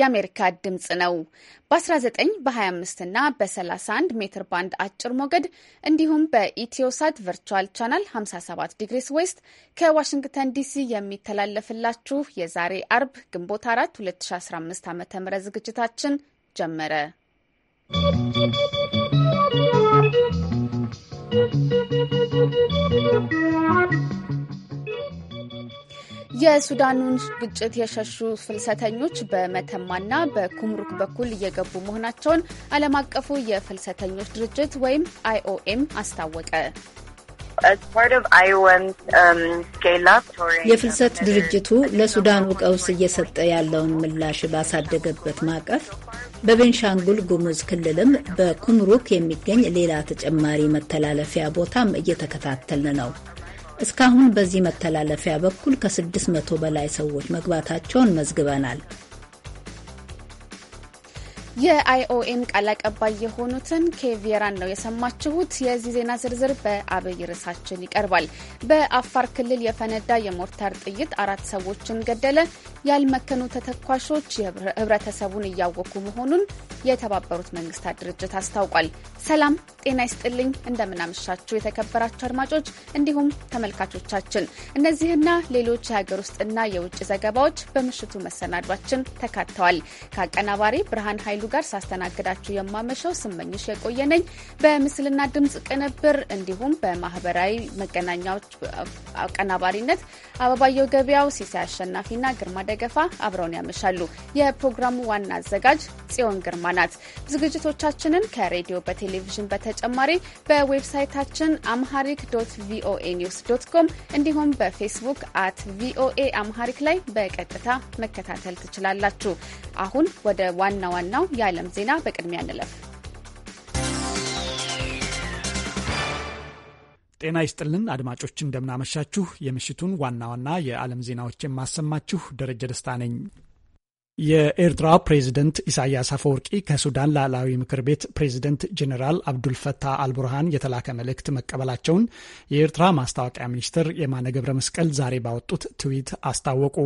የአሜሪካ ድምፅ ነው። በ19 በ25 እና በ31 ሜትር ባንድ አጭር ሞገድ እንዲሁም በኢትዮሳት ቨርቹዋል ቻናል 57 ዲግሪስ ዌስት ከዋሽንግተን ዲሲ የሚተላለፍላችሁ የዛሬ አርብ ግንቦት 4 2015 ዓ ም ዝግጅታችን ጀመረ። ¶¶ የሱዳኑን ግጭት የሸሹ ፍልሰተኞች በመተማና በኩምሩክ በኩል እየገቡ መሆናቸውን ዓለም አቀፉ የፍልሰተኞች ድርጅት ወይም አይኦኤም አስታወቀ። um, የፍልሰት ድርጅቱ ለሱዳኑ ቀውስ እየሰጠ ያለውን ምላሽ ባሳደገበት ማዕቀፍ በቤንሻንጉል ጉሙዝ ክልልም በኩምሩክ የሚገኝ ሌላ ተጨማሪ መተላለፊያ ቦታም እየተከታተልን ነው። እስካሁን በዚህ መተላለፊያ በኩል ከ600 በላይ ሰዎች መግባታቸውን መዝግበናል። የአይኦኤም ቃል አቀባይ የሆኑትን ኬቪየራን ነው የሰማችሁት። የዚህ ዜና ዝርዝር በአብይ ርዕሳችን ይቀርባል። በአፋር ክልል የፈነዳ የሞርታር ጥይት አራት ሰዎችን ገደለ። ያልመከኑ ተተኳሾች ህብረተሰቡን እያወኩ መሆኑን የተባበሩት መንግስታት ድርጅት አስታውቋል። ሰላም ጤና ይስጥልኝ። እንደምናመሻችሁ የተከበራችሁ አድማጮች እንዲሁም ተመልካቾቻችን፣ እነዚህና ሌሎች የሀገር ውስጥና የውጭ ዘገባዎች በምሽቱ መሰናዷችን ተካተዋል። ከአቀናባሪ ብርሃን ኃይሉ ጋር ሳስተናግዳችሁ የማመሸው ስመኝሽ የቆየነኝ በምስልና ድምፅ ቅንብር እንዲሁም በማህበራዊ መገናኛዎች አቀናባሪነት አበባየው ገበያው፣ ሲሳይ አሸናፊና ግርማ ደገፋ አብረውን ያመሻሉ። የፕሮግራሙ ዋና አዘጋጅ ጽዮን ግርማ ናት። ዝግጅቶቻችንን ከሬዲዮ በቴሌቪዥን በተጨማሪ በዌብሳይታችን አምሃሪክ ዶት ቪኦኤ ኒውስ ዶት ኮም እንዲሁም በፌስቡክ አት ቪኦኤ አምሃሪክ ላይ በቀጥታ መከታተል ትችላላችሁ። አሁን ወደ ዋና ዋናው የዓለም ዜና በቅድሚያ እንለፍ። ጤና ይስጥልን አድማጮች፣ እንደምናመሻችሁ። የምሽቱን ዋና ዋና የዓለም ዜናዎች የማሰማችሁ ደረጀ ደስታ ነኝ። የኤርትራ ፕሬዝደንት ኢሳያስ አፈወርቂ ከሱዳን ላዕላዊ ምክር ቤት ፕሬዝደንት ጀኔራል አብዱልፈታህ አልቡርሃን የተላከ መልእክት መቀበላቸውን የኤርትራ ማስታወቂያ ሚኒስትር የማነ ገብረ መስቀል ዛሬ ባወጡት ትዊት አስታወቁ።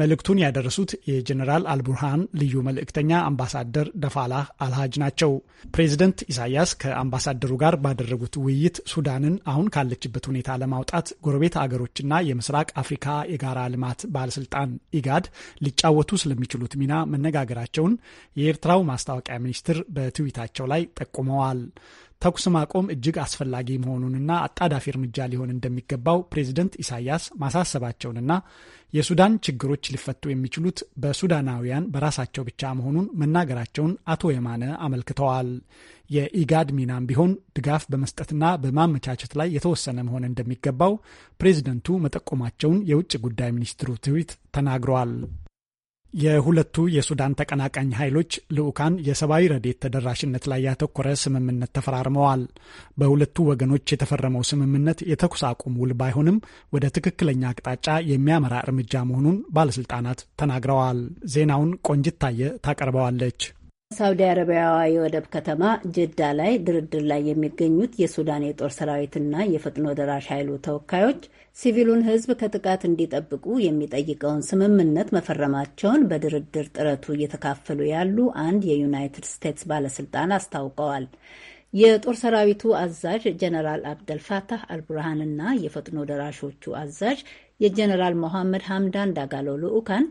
መልእክቱን ያደረሱት የጀኔራል አልቡርሃን ልዩ መልእክተኛ አምባሳደር ደፋላህ አልሃጅ ናቸው። ፕሬዚደንት ኢሳያስ ከአምባሳደሩ ጋር ባደረጉት ውይይት ሱዳንን አሁን ካለችበት ሁኔታ ለማውጣት ጎረቤት አገሮችና የምስራቅ አፍሪካ የጋራ ልማት ባለስልጣን ኢጋድ ሊጫወቱ ስለሚችሉት ሚና መነጋገራቸውን የኤርትራው ማስታወቂያ ሚኒስትር በትዊታቸው ላይ ጠቁመዋል። ተኩስ ማቆም እጅግ አስፈላጊ መሆኑንና አጣዳፊ እርምጃ ሊሆን እንደሚገባው ፕሬዚደንት ኢሳያስ ማሳሰባቸውንና የሱዳን ችግሮች ሊፈቱ የሚችሉት በሱዳናውያን በራሳቸው ብቻ መሆኑን መናገራቸውን አቶ የማነ አመልክተዋል። የኢጋድ ሚናም ቢሆን ድጋፍ በመስጠትና በማመቻቸት ላይ የተወሰነ መሆን እንደሚገባው ፕሬዚደንቱ መጠቆማቸውን የውጭ ጉዳይ ሚኒስትሩ ትዊት ተናግረዋል። የሁለቱ የሱዳን ተቀናቃኝ ኃይሎች ልዑካን የሰብአዊ ረዴት ተደራሽነት ላይ ያተኮረ ስምምነት ተፈራርመዋል። በሁለቱ ወገኖች የተፈረመው ስምምነት የተኩስ አቁም ውል ባይሆንም ወደ ትክክለኛ አቅጣጫ የሚያመራ እርምጃ መሆኑን ባለስልጣናት ተናግረዋል። ዜናውን ቆንጅት ታየ ታቀርበዋለች። ሳውዲ አረቢያዋ የወደብ ከተማ ጅዳ ላይ ድርድር ላይ የሚገኙት የሱዳን የጦር ሰራዊትና የፈጥኖ ደራሽ ኃይሉ ተወካዮች ሲቪሉን ሕዝብ ከጥቃት እንዲጠብቁ የሚጠይቀውን ስምምነት መፈረማቸውን በድርድር ጥረቱ እየተካፈሉ ያሉ አንድ የዩናይትድ ስቴትስ ባለስልጣን አስታውቀዋል። የጦር ሰራዊቱ አዛዥ ጀነራል አብደልፋታህ አልቡርሃንና የፈጥኖ ደራሾቹ አዛዥ የጀነራል ሞሐመድ ሐምዳን ዳጋሎ ልዑካን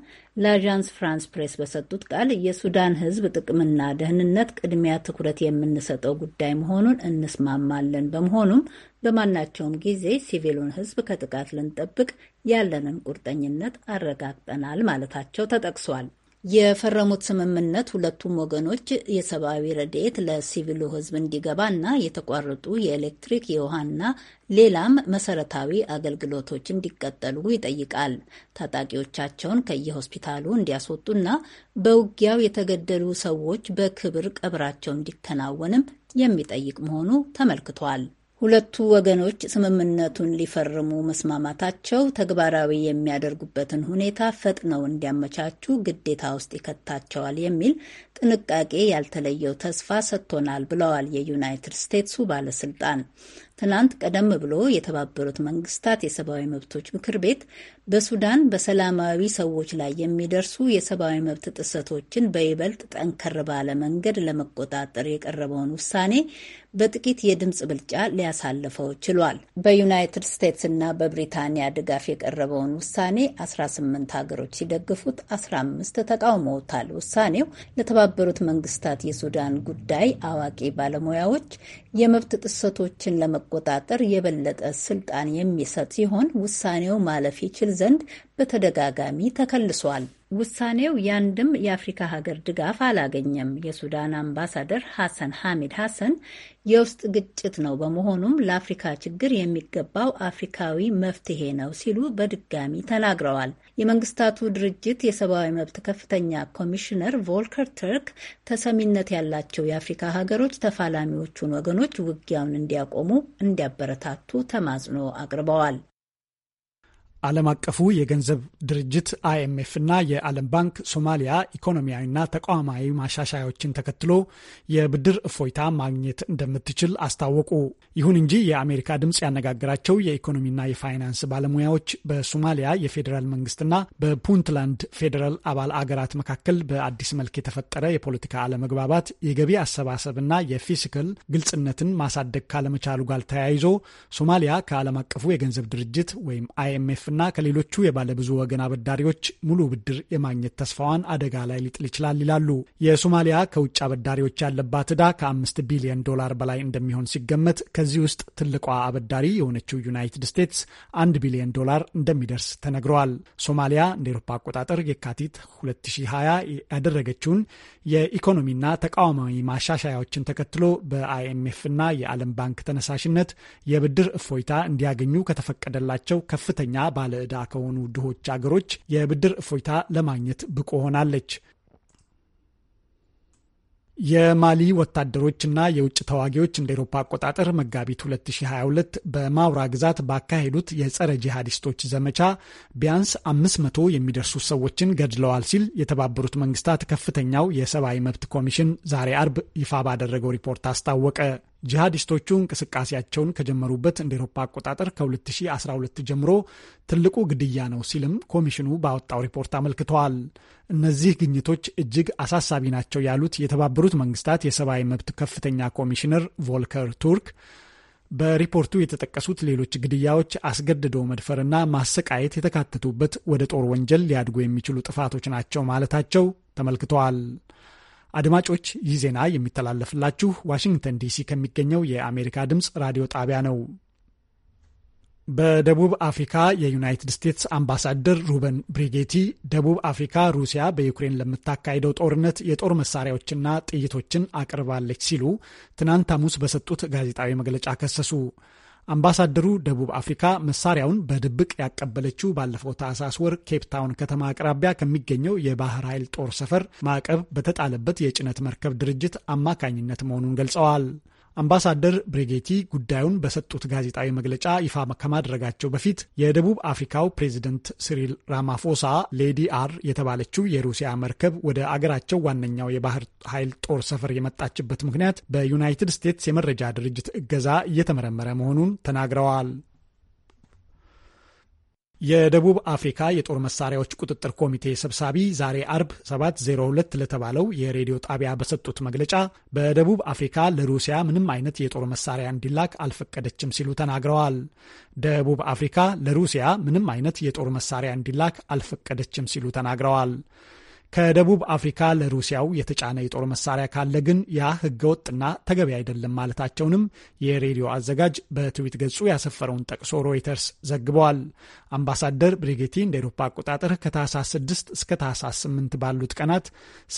ለአዣንስ ፍራንስ ፕሬስ በሰጡት ቃል የሱዳን ሕዝብ ጥቅምና ደህንነት ቅድሚያ ትኩረት የምንሰጠው ጉዳይ መሆኑን እንስማማለን። በመሆኑም በማናቸውም ጊዜ ሲቪሉን ሕዝብ ከጥቃት ልንጠብቅ ያለንን ቁርጠኝነት አረጋግጠናል ማለታቸው ተጠቅሷል። የፈረሙት ስምምነት ሁለቱም ወገኖች የሰብአዊ ረድኤት ለሲቪሉ ህዝብ እንዲገባና የተቋረጡ የኤሌክትሪክ የውሃና ሌላም መሰረታዊ አገልግሎቶች እንዲቀጠሉ ይጠይቃል። ታጣቂዎቻቸውን ከየሆስፒታሉ እንዲያስወጡና በውጊያው የተገደሉ ሰዎች በክብር ቀብራቸው እንዲከናወንም የሚጠይቅ መሆኑ ተመልክቷል። ሁለቱ ወገኖች ስምምነቱን ሊፈርሙ መስማማታቸው ተግባራዊ የሚያደርጉበትን ሁኔታ ፈጥነው እንዲያመቻቹ ግዴታ ውስጥ ይከታቸዋል የሚል ጥንቃቄ ያልተለየው ተስፋ ሰጥቶናል ብለዋል የዩናይትድ ስቴትሱ ባለስልጣን። ትናንት ቀደም ብሎ የተባበሩት መንግስታት የሰብአዊ መብቶች ምክር ቤት በሱዳን በሰላማዊ ሰዎች ላይ የሚደርሱ የሰብአዊ መብት ጥሰቶችን በይበልጥ ጠንከር ባለ መንገድ ለመቆጣጠር የቀረበውን ውሳኔ በጥቂት የድምፅ ብልጫ ሊያሳልፈው ችሏል። በዩናይትድ ስቴትስ እና በብሪታንያ ድጋፍ የቀረበውን ውሳኔ 18 ሀገሮች ሲደግፉት 15 ተቃውመውታል። ውሳኔው ለተባበሩት መንግስታት የሱዳን ጉዳይ አዋቂ ባለሙያዎች የመብት ጥሰቶችን ለመቆጣጠር የበለጠ ስልጣን የሚሰጥ ሲሆን ውሳኔው ማለፍ ይችል ዘንድ በተደጋጋሚ ተከልሷል። ውሳኔው ያንድም የአፍሪካ ሀገር ድጋፍ አላገኘም። የሱዳን አምባሳደር ሐሰን ሐሚድ ሐሰን የውስጥ ግጭት ነው፣ በመሆኑም ለአፍሪካ ችግር የሚገባው አፍሪካዊ መፍትሄ ነው ሲሉ በድጋሚ ተናግረዋል። የመንግስታቱ ድርጅት የሰብአዊ መብት ከፍተኛ ኮሚሽነር ቮልከር ተርክ ተሰሚነት ያላቸው የአፍሪካ ሀገሮች ተፋላሚዎቹን ወገኖች ውጊያውን እንዲያቆሙ እንዲያበረታቱ ተማጽኖ አቅርበዋል። ዓለም አቀፉ የገንዘብ ድርጅት አይኤምኤፍ እና የዓለም ባንክ ሶማሊያ ኢኮኖሚያዊና ተቋማዊ ማሻሻያዎችን ተከትሎ የብድር እፎይታ ማግኘት እንደምትችል አስታወቁ። ይሁን እንጂ የአሜሪካ ድምፅ ያነጋገራቸው የኢኮኖሚና የፋይናንስ ባለሙያዎች በሶማሊያ የፌዴራል መንግስትና በፑንትላንድ ፌዴራል አባል አገራት መካከል በአዲስ መልክ የተፈጠረ የፖለቲካ አለመግባባት የገቢ አሰባሰብና የፊስካል ግልጽነትን ማሳደግ ካለመቻሉ ጋር ተያይዞ ሶማሊያ ከዓለም አቀፉ የገንዘብ ድርጅት ወይም አይኤምኤፍ ባንክና ከሌሎቹ የባለብዙ ወገን አበዳሪዎች ሙሉ ብድር የማግኘት ተስፋዋን አደጋ ላይ ሊጥል ይችላል ይላሉ። የሶማሊያ ከውጭ አበዳሪዎች ያለባት ዕዳ ከአምስት ቢሊዮን ዶላር በላይ እንደሚሆን ሲገመት ከዚህ ውስጥ ትልቋ አበዳሪ የሆነችው ዩናይትድ ስቴትስ አንድ ቢሊዮን ዶላር እንደሚደርስ ተነግረዋል። ሶማሊያ እንደ ኤሮፓ አቆጣጠር የካቲት 2020 ያደረገችውን የኢኮኖሚና ተቃዋማዊ ማሻሻያዎችን ተከትሎ በአይኤምኤፍ ና የዓለም ባንክ ተነሳሽነት የብድር እፎይታ እንዲያገኙ ከተፈቀደላቸው ከፍተኛ ባ ባለዕዳ ከሆኑ ድሆች አገሮች የብድር እፎይታ ለማግኘት ብቁ ሆናለች። የማሊ ወታደሮችና የውጭ ተዋጊዎች እንደ ኤሮፓ አቆጣጠር መጋቢት 2022 በማውራ ግዛት ባካሄዱት የጸረ ጂሃዲስቶች ዘመቻ ቢያንስ 500 የሚደርሱ ሰዎችን ገድለዋል ሲል የተባበሩት መንግስታት ከፍተኛው የሰብአዊ መብት ኮሚሽን ዛሬ አርብ ይፋ ባደረገው ሪፖርት አስታወቀ። ጂሃዲስቶቹ እንቅስቃሴያቸውን ከጀመሩበት እንደ ኤሮፓ አቆጣጠር ከ2012 ጀምሮ ትልቁ ግድያ ነው ሲልም ኮሚሽኑ ባወጣው ሪፖርት አመልክተዋል። እነዚህ ግኝቶች እጅግ አሳሳቢ ናቸው ያሉት የተባበሩት መንግስታት የሰብአዊ መብት ከፍተኛ ኮሚሽነር ቮልከር ቱርክ በሪፖርቱ የተጠቀሱት ሌሎች ግድያዎች፣ አስገድዶ መድፈርና ማሰቃየት የተካተቱበት ወደ ጦር ወንጀል ሊያድጉ የሚችሉ ጥፋቶች ናቸው ማለታቸው ተመልክተዋል። አድማጮች ይህ ዜና የሚተላለፍላችሁ ዋሽንግተን ዲሲ ከሚገኘው የአሜሪካ ድምፅ ራዲዮ ጣቢያ ነው። በደቡብ አፍሪካ የዩናይትድ ስቴትስ አምባሳደር ሩበን ብሪጌቲ ደቡብ አፍሪካ ሩሲያ በዩክሬን ለምታካሄደው ጦርነት የጦር መሳሪያዎችና ጥይቶችን አቅርባለች ሲሉ ትናንት ሐሙስ በሰጡት ጋዜጣዊ መግለጫ ከሰሱ። አምባሳደሩ ደቡብ አፍሪካ መሳሪያውን በድብቅ ያቀበለችው ባለፈው ታህሳስ ወር ኬፕታውን ከተማ አቅራቢያ ከሚገኘው የባህር ኃይል ጦር ሰፈር ማዕቀብ በተጣለበት የጭነት መርከብ ድርጅት አማካኝነት መሆኑን ገልጸዋል። አምባሳደር ብሬጌቲ ጉዳዩን በሰጡት ጋዜጣዊ መግለጫ ይፋ ከማድረጋቸው በፊት የደቡብ አፍሪካው ፕሬዚደንት ሲሪል ራማፎሳ ሌዲ አር የተባለችው የሩሲያ መርከብ ወደ አገራቸው ዋነኛው የባህር ኃይል ጦር ሰፈር የመጣችበት ምክንያት በዩናይትድ ስቴትስ የመረጃ ድርጅት እገዛ እየተመረመረ መሆኑን ተናግረዋል። የደቡብ አፍሪካ የጦር መሳሪያዎች ቁጥጥር ኮሚቴ ሰብሳቢ ዛሬ አርብ 702 ለተባለው የሬዲዮ ጣቢያ በሰጡት መግለጫ በደቡብ አፍሪካ ለሩሲያ ምንም አይነት የጦር መሳሪያ እንዲላክ አልፈቀደችም ሲሉ ተናግረዋል። ደቡብ አፍሪካ ለሩሲያ ምንም አይነት የጦር መሳሪያ እንዲላክ አልፈቀደችም ሲሉ ተናግረዋል። ከደቡብ አፍሪካ ለሩሲያው የተጫነ የጦር መሳሪያ ካለ ግን ያ ህገወጥና ተገቢ አይደለም ማለታቸውንም የሬዲዮ አዘጋጅ በትዊት ገጹ ያሰፈረውን ጠቅሶ ሮይተርስ ዘግበዋል። አምባሳደር ብሪጌቲ እንደ ኤሮፓ አቆጣጠር ከታህሳስ 6 እስከ ታህሳስ 8 ባሉት ቀናት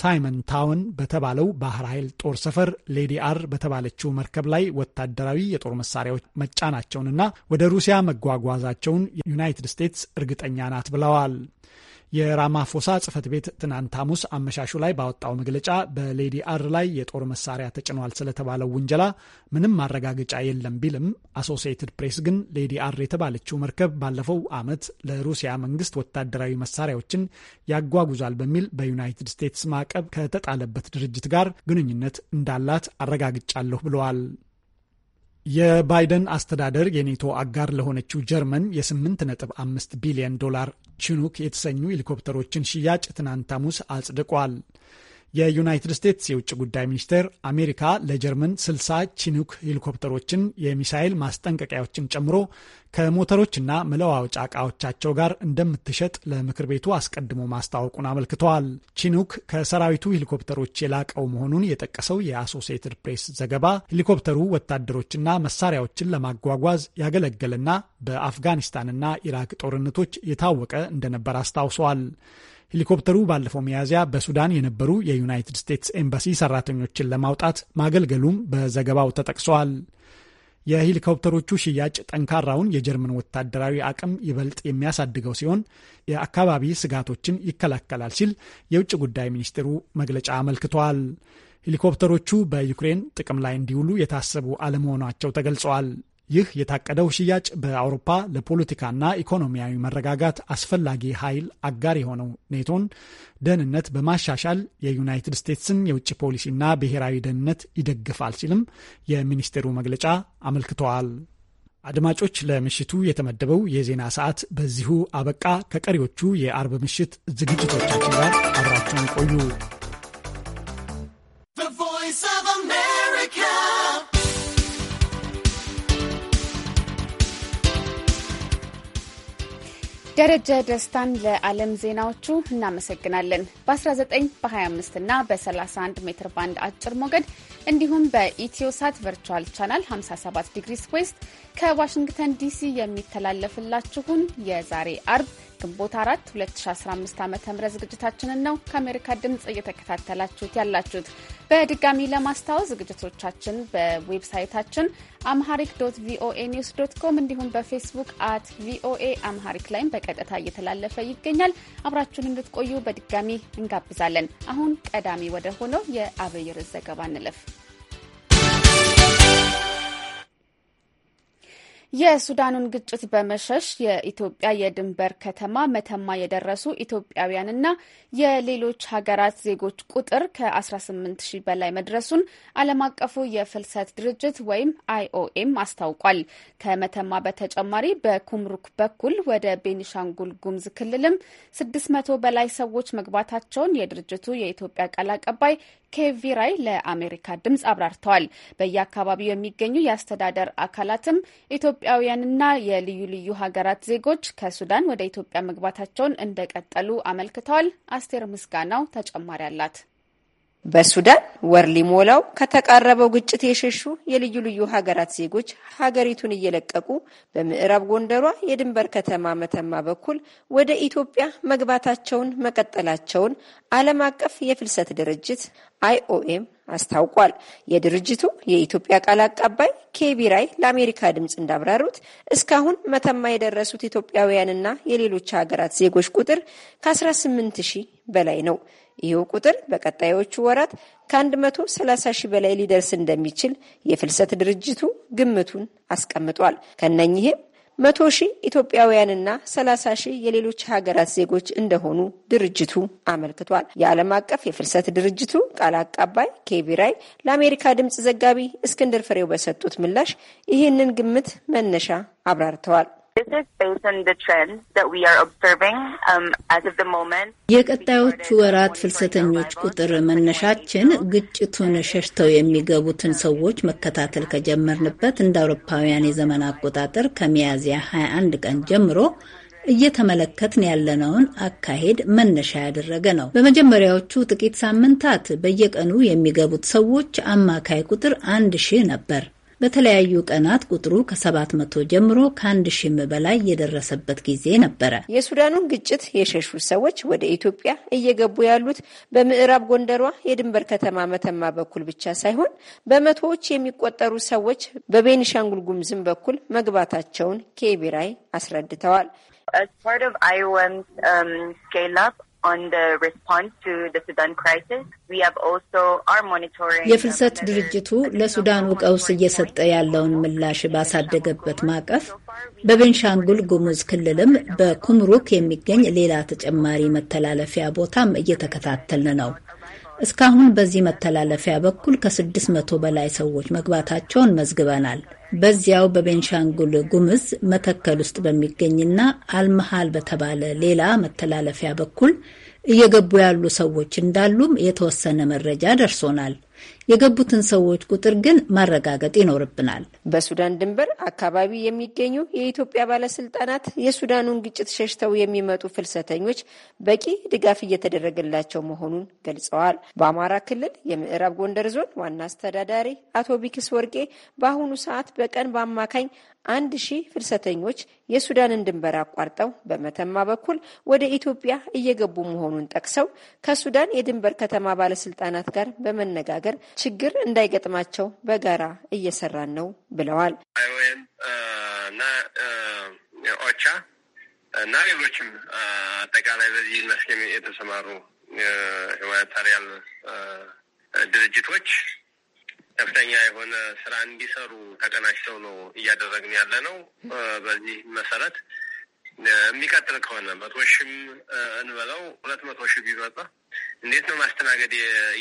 ሳይመን ታውን በተባለው ባህር ኃይል ጦር ሰፈር ሌዲ አር በተባለችው መርከብ ላይ ወታደራዊ የጦር መሳሪያዎች መጫናቸውንና ወደ ሩሲያ መጓጓዛቸውን ዩናይትድ ስቴትስ እርግጠኛ ናት ብለዋል። የራማፎሳ ጽህፈት ቤት ትናንት ሐሙስ አመሻሹ ላይ ባወጣው መግለጫ በሌዲ አር ላይ የጦር መሳሪያ ተጭኗል ስለተባለው ውንጀላ ምንም ማረጋገጫ የለም ቢልም አሶሲኤትድ ፕሬስ ግን ሌዲ አር የተባለችው መርከብ ባለፈው ዓመት ለሩሲያ መንግስት ወታደራዊ መሳሪያዎችን ያጓጉዛል በሚል በዩናይትድ ስቴትስ ማዕቀብ ከተጣለበት ድርጅት ጋር ግንኙነት እንዳላት አረጋግጫለሁ ብለዋል። የባይደን አስተዳደር የኔቶ አጋር ለሆነችው ጀርመን የ8.5 ቢሊዮን ዶላር ቺኑክ የተሰኙ ሄሊኮፕተሮችን ሽያጭ ትናንት ሐሙስ አጽድቋል። የዩናይትድ ስቴትስ የውጭ ጉዳይ ሚኒስቴር አሜሪካ ለጀርመን 60 ቺኑክ ሄሊኮፕተሮችን የሚሳይል ማስጠንቀቂያዎችን ጨምሮ ከሞተሮችና መለዋወጫ ዕቃዎቻቸው ጋር እንደምትሸጥ ለምክር ቤቱ አስቀድሞ ማስታወቁን አመልክተዋል። ቺኑክ ከሰራዊቱ ሄሊኮፕተሮች የላቀው መሆኑን የጠቀሰው የአሶሲየትድ ፕሬስ ዘገባ ሄሊኮፕተሩ ወታደሮችና መሳሪያዎችን ለማጓጓዝ ያገለገለና በአፍጋኒስታንና ኢራቅ ጦርነቶች የታወቀ እንደነበር አስታውሷል። ሄሊኮፕተሩ ባለፈው ሚያዝያ በሱዳን የነበሩ የዩናይትድ ስቴትስ ኤምባሲ ሰራተኞችን ለማውጣት ማገልገሉም በዘገባው ተጠቅሷል። የሄሊኮፕተሮቹ ሽያጭ ጠንካራውን የጀርመን ወታደራዊ አቅም ይበልጥ የሚያሳድገው ሲሆን የአካባቢ ስጋቶችን ይከላከላል ሲል የውጭ ጉዳይ ሚኒስትሩ መግለጫ አመልክቷል። ሄሊኮፕተሮቹ በዩክሬን ጥቅም ላይ እንዲውሉ የታሰቡ አለመሆናቸው ተገልጸዋል። ይህ የታቀደው ሽያጭ በአውሮፓ ለፖለቲካና ኢኮኖሚያዊ መረጋጋት አስፈላጊ ኃይል አጋር የሆነው ኔቶን ደህንነት በማሻሻል የዩናይትድ ስቴትስን የውጭ ፖሊሲና ብሔራዊ ደህንነት ይደግፋል ሲልም የሚኒስቴሩ መግለጫ አመልክተዋል። አድማጮች፣ ለምሽቱ የተመደበው የዜና ሰዓት በዚሁ አበቃ። ከቀሪዎቹ የአርብ ምሽት ዝግጅቶቻችን ጋር አብራችሁን ቆዩ። ቮይስ ኦፍ አሜሪካ ደረጀ ደስታን ለዓለም ዜናዎቹ እናመሰግናለን። በ19 በ25 እና በ31 ሜትር ባንድ አጭር ሞገድ እንዲሁም በኢትዮሳት ቨርቹዋል ቻናል 57 ዲግሪ ዌስት ከዋሽንግተን ዲሲ የሚተላለፍላችሁን የዛሬ አርብ ግንቦት 4 2015 ዓ ም ዝግጅታችንን ነው ከአሜሪካ ድምፅ እየተከታተላችሁት ያላችሁት። በድጋሚ ለማስታወስ ዝግጅቶቻችን በዌብሳይታችን አምሃሪክ ዶት ቪኦኤ ኒውስ ዶት ኮም እንዲሁም በፌስቡክ አት ቪኦኤ አምሃሪክ ላይም በቀጥታ እየተላለፈ ይገኛል። አብራችሁን እንድትቆዩ በድጋሚ እንጋብዛለን። አሁን ቀዳሚ ወደ ሆነው የአብይር ዘገባ እንለፍ። የሱዳኑን ግጭት በመሸሽ የኢትዮጵያ የድንበር ከተማ መተማ የደረሱ ኢትዮጵያውያንና የሌሎች ሀገራት ዜጎች ቁጥር ከ18 ሺ በላይ መድረሱን ዓለም አቀፉ የፍልሰት ድርጅት ወይም አይኦኤም አስታውቋል። ከመተማ በተጨማሪ በኩምሩክ በኩል ወደ ቤኒሻንጉል ጉሙዝ ክልልም 600 በላይ ሰዎች መግባታቸውን የድርጅቱ የኢትዮጵያ ቃል አቀባይ ኬቪ ራይ ለአሜሪካ ድምጽ አብራርተዋል። በየአካባቢው የሚገኙ የአስተዳደር አካላትም ኢትዮጵያውያንና የልዩ ልዩ ሀገራት ዜጎች ከሱዳን ወደ ኢትዮጵያ መግባታቸውን እንደቀጠሉ አመልክተዋል። አስቴር ምስጋናው ተጨማሪ አላት። በሱዳን ወር ሊሞላው ከተቃረበው ግጭት የሸሹ የልዩ ልዩ ሀገራት ዜጎች ሀገሪቱን እየለቀቁ በምዕራብ ጎንደሯ የድንበር ከተማ መተማ በኩል ወደ ኢትዮጵያ መግባታቸውን መቀጠላቸውን ዓለም አቀፍ የፍልሰት ድርጅት አይኦኤም አስታውቋል። የድርጅቱ የኢትዮጵያ ቃል አቀባይ ኬቢራይ ለአሜሪካ ድምፅ እንዳብራሩት እስካሁን መተማ የደረሱት ኢትዮጵያውያንና የሌሎች ሀገራት ዜጎች ቁጥር ከ18 ሺህ በላይ ነው። ይህው ቁጥር በቀጣዮቹ ወራት ከ130 ሺህ በላይ ሊደርስ እንደሚችል የፍልሰት ድርጅቱ ግምቱን አስቀምጧል። ከነኚህም መቶ ሺህ ኢትዮጵያውያንና 30 ሺህ የሌሎች ሀገራት ዜጎች እንደሆኑ ድርጅቱ አመልክቷል። የዓለም አቀፍ የፍልሰት ድርጅቱ ቃል አቃባይ ኬቢራይ ለአሜሪካ ድምፅ ዘጋቢ እስክንድር ፍሬው በሰጡት ምላሽ ይህንን ግምት መነሻ አብራርተዋል። Um, የቀጣዮቹ ወራት ፍልሰተኞች ቁጥር መነሻችን ግጭቱን ሸሽተው የሚገቡትን ሰዎች መከታተል ከጀመርንበት እንደ አውሮፓውያን የዘመን አቆጣጠር ከሚያዝያ 21 ቀን ጀምሮ እየተመለከትን ያለነውን አካሄድ መነሻ ያደረገ ነው። በመጀመሪያዎቹ ጥቂት ሳምንታት በየቀኑ የሚገቡት ሰዎች አማካይ ቁጥር አንድ ሺህ ነበር። በተለያዩ ቀናት ቁጥሩ ከ700 ጀምሮ ከአንድ ሺህም በላይ የደረሰበት ጊዜ ነበረ። የሱዳኑን ግጭት የሸሹ ሰዎች ወደ ኢትዮጵያ እየገቡ ያሉት በምዕራብ ጎንደሯ የድንበር ከተማ መተማ በኩል ብቻ ሳይሆን በመቶዎች የሚቆጠሩ ሰዎች በቤኒሻንጉል ጉምዝም በኩል መግባታቸውን ኬቢራይ አስረድተዋል። የፍልሰት ድርጅቱ ለሱዳኑ ቀውስ እየሰጠ ያለውን ምላሽ ባሳደገበት ማዕቀፍ በቤንሻንጉል ጉሙዝ ክልልም በኩምሩክ የሚገኝ ሌላ ተጨማሪ መተላለፊያ ቦታም እየተከታተልን ነው። እስካሁን በዚህ መተላለፊያ በኩል ከስድስት መቶ በላይ ሰዎች መግባታቸውን መዝግበናል። በዚያው በቤንሻንጉል ጉምዝ መተከል ውስጥ በሚገኝና አልመሃል በተባለ ሌላ መተላለፊያ በኩል እየገቡ ያሉ ሰዎች እንዳሉም የተወሰነ መረጃ ደርሶናል። የገቡትን ሰዎች ቁጥር ግን ማረጋገጥ ይኖርብናል። በሱዳን ድንበር አካባቢ የሚገኙ የኢትዮጵያ ባለስልጣናት የሱዳኑን ግጭት ሸሽተው የሚመጡ ፍልሰተኞች በቂ ድጋፍ እየተደረገላቸው መሆኑን ገልጸዋል። በአማራ ክልል የምዕራብ ጎንደር ዞን ዋና አስተዳዳሪ አቶ ቢክስ ወርቄ በአሁኑ ሰዓት በቀን በአማካኝ አንድ ሺህ ፍልሰተኞች የሱዳንን ድንበር አቋርጠው በመተማ በኩል ወደ ኢትዮጵያ እየገቡ መሆኑን ጠቅሰው ከሱዳን የድንበር ከተማ ባለስልጣናት ጋር በመነጋገር ችግር እንዳይገጥማቸው በጋራ እየሰራን ነው ብለዋል። አይኦኤም እና ኦቻ እና ሌሎችም አጠቃላይ በዚህ መስክ የተሰማሩ ሁማኒታሪያን ድርጅቶች ከፍተኛ የሆነ ስራ እንዲሰሩ ተቀናጅተው ነው እያደረግን ያለ ነው። በዚህ መሰረት የሚቀጥል ከሆነ መቶ ሺህም እንበለው ሁለት መቶ ሺህ ቢመጣ እንዴት ነው ማስተናገድ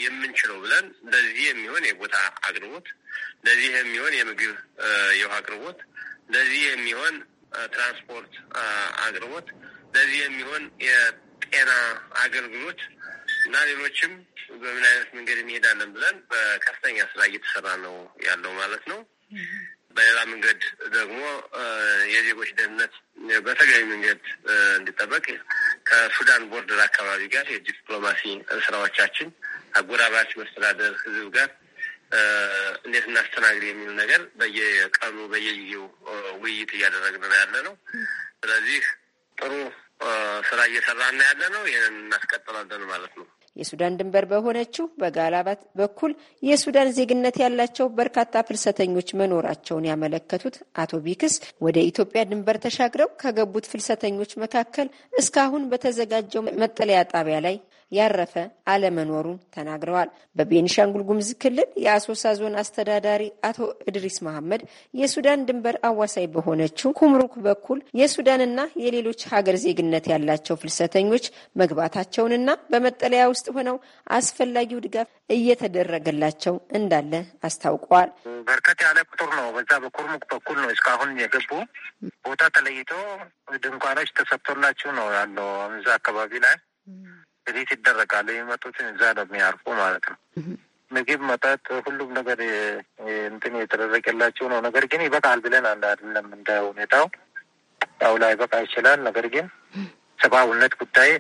የምንችለው ብለን ለዚህ የሚሆን የቦታ አቅርቦት፣ ለዚህ የሚሆን የምግብ የውሃ አቅርቦት፣ ለዚህ የሚሆን ትራንስፖርት አቅርቦት፣ ለዚህ የሚሆን የጤና አገልግሎት እና ሌሎችም በምን አይነት መንገድ እንሄዳለን ብለን በከፍተኛ ስራ እየተሰራ ነው ያለው ማለት ነው። በሌላ መንገድ ደግሞ የዜጎች ደህንነት በተገቢ መንገድ እንዲጠበቅ ከሱዳን ቦርደር አካባቢ ጋር የዲፕሎማሲ ስራዎቻችን አጎራባች መስተዳደር ህዝብ ጋር እንዴት እናስተናግድ የሚል ነገር በየቀኑ በየጊዜው ውይይት እያደረግን ነው ያለ ነው። ስለዚህ ጥሩ ስራ እየሰራን ያለ ነው። ይህንን እናስቀጥላለን ማለት ነው። የሱዳን ድንበር በሆነችው በጋላባት በኩል የሱዳን ዜግነት ያላቸው በርካታ ፍልሰተኞች መኖራቸውን ያመለከቱት አቶ ቢክስ ወደ ኢትዮጵያ ድንበር ተሻግረው ከገቡት ፍልሰተኞች መካከል እስካሁን በተዘጋጀው መጠለያ ጣቢያ ላይ ያረፈ አለመኖሩን ተናግረዋል። በቤኒሻንጉል ጉሙዝ ክልል የአሶሳ ዞን አስተዳዳሪ አቶ እድሪስ መሐመድ የሱዳን ድንበር አዋሳኝ በሆነችው ኩምሩክ በኩል የሱዳንና የሌሎች ሀገር ዜግነት ያላቸው ፍልሰተኞች መግባታቸውንና በመጠለያ ውስጥ ሆነው አስፈላጊው ድጋፍ እየተደረገላቸው እንዳለ አስታውቀዋል። በርከት ያለ ቁጥር ነው። በዛ በኩርሙክ በኩል ነው እስካሁን የገቡ ቦታ ተለይቶ ድንኳኖች ተሰጥቶላችሁ ነው ያለው እዛ አካባቢ ላይ እዚህ ይደረጋል። የሚመጡትን እዛ ነው የሚያርፉ ማለት ነው። ምግብ፣ መጠጥ፣ ሁሉም ነገር እንትን የተደረገላቸው ነው። ነገር ግን ይበቃል ብለን አንድ አይደለም እንደ ሁኔታው ያው ላይ በቃ ይችላል። ነገር ግን ሰብአዊነት ጉዳይ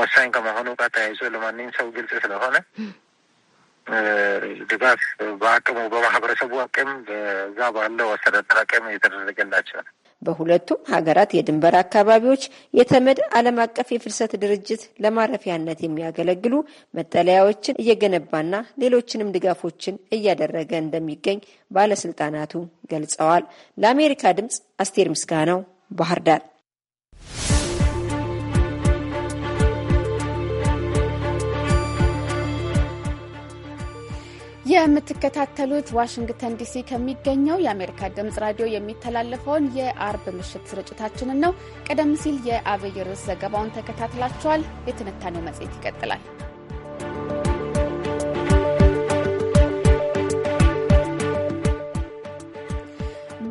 ወሳኝ ከመሆኑ ጋር ተያይዞ ለማንኛውም ሰው ግልጽ ስለሆነ ድጋፍ በአቅሙ በማህበረሰቡ አቅም በዛ ባለው አስተዳደር አቅም የተደረገላቸዋል። በሁለቱም ሀገራት የድንበር አካባቢዎች የተመድ ዓለም አቀፍ የፍልሰት ድርጅት ለማረፊያነት የሚያገለግሉ መጠለያዎችን እየገነባና ሌሎችንም ድጋፎችን እያደረገ እንደሚገኝ ባለስልጣናቱ ገልጸዋል። ለአሜሪካ ድምጽ አስቴር ምስጋናው ባህር ዳር የምትከታተሉት ዋሽንግተን ዲሲ ከሚገኘው የአሜሪካ ድምጽ ራዲዮ የሚተላለፈውን የአርብ ምሽት ስርጭታችንን ነው። ቀደም ሲል የአብይ ርዕስ ዘገባውን ተከታትላችኋል። የትንታኔው መጽሔት ይቀጥላል።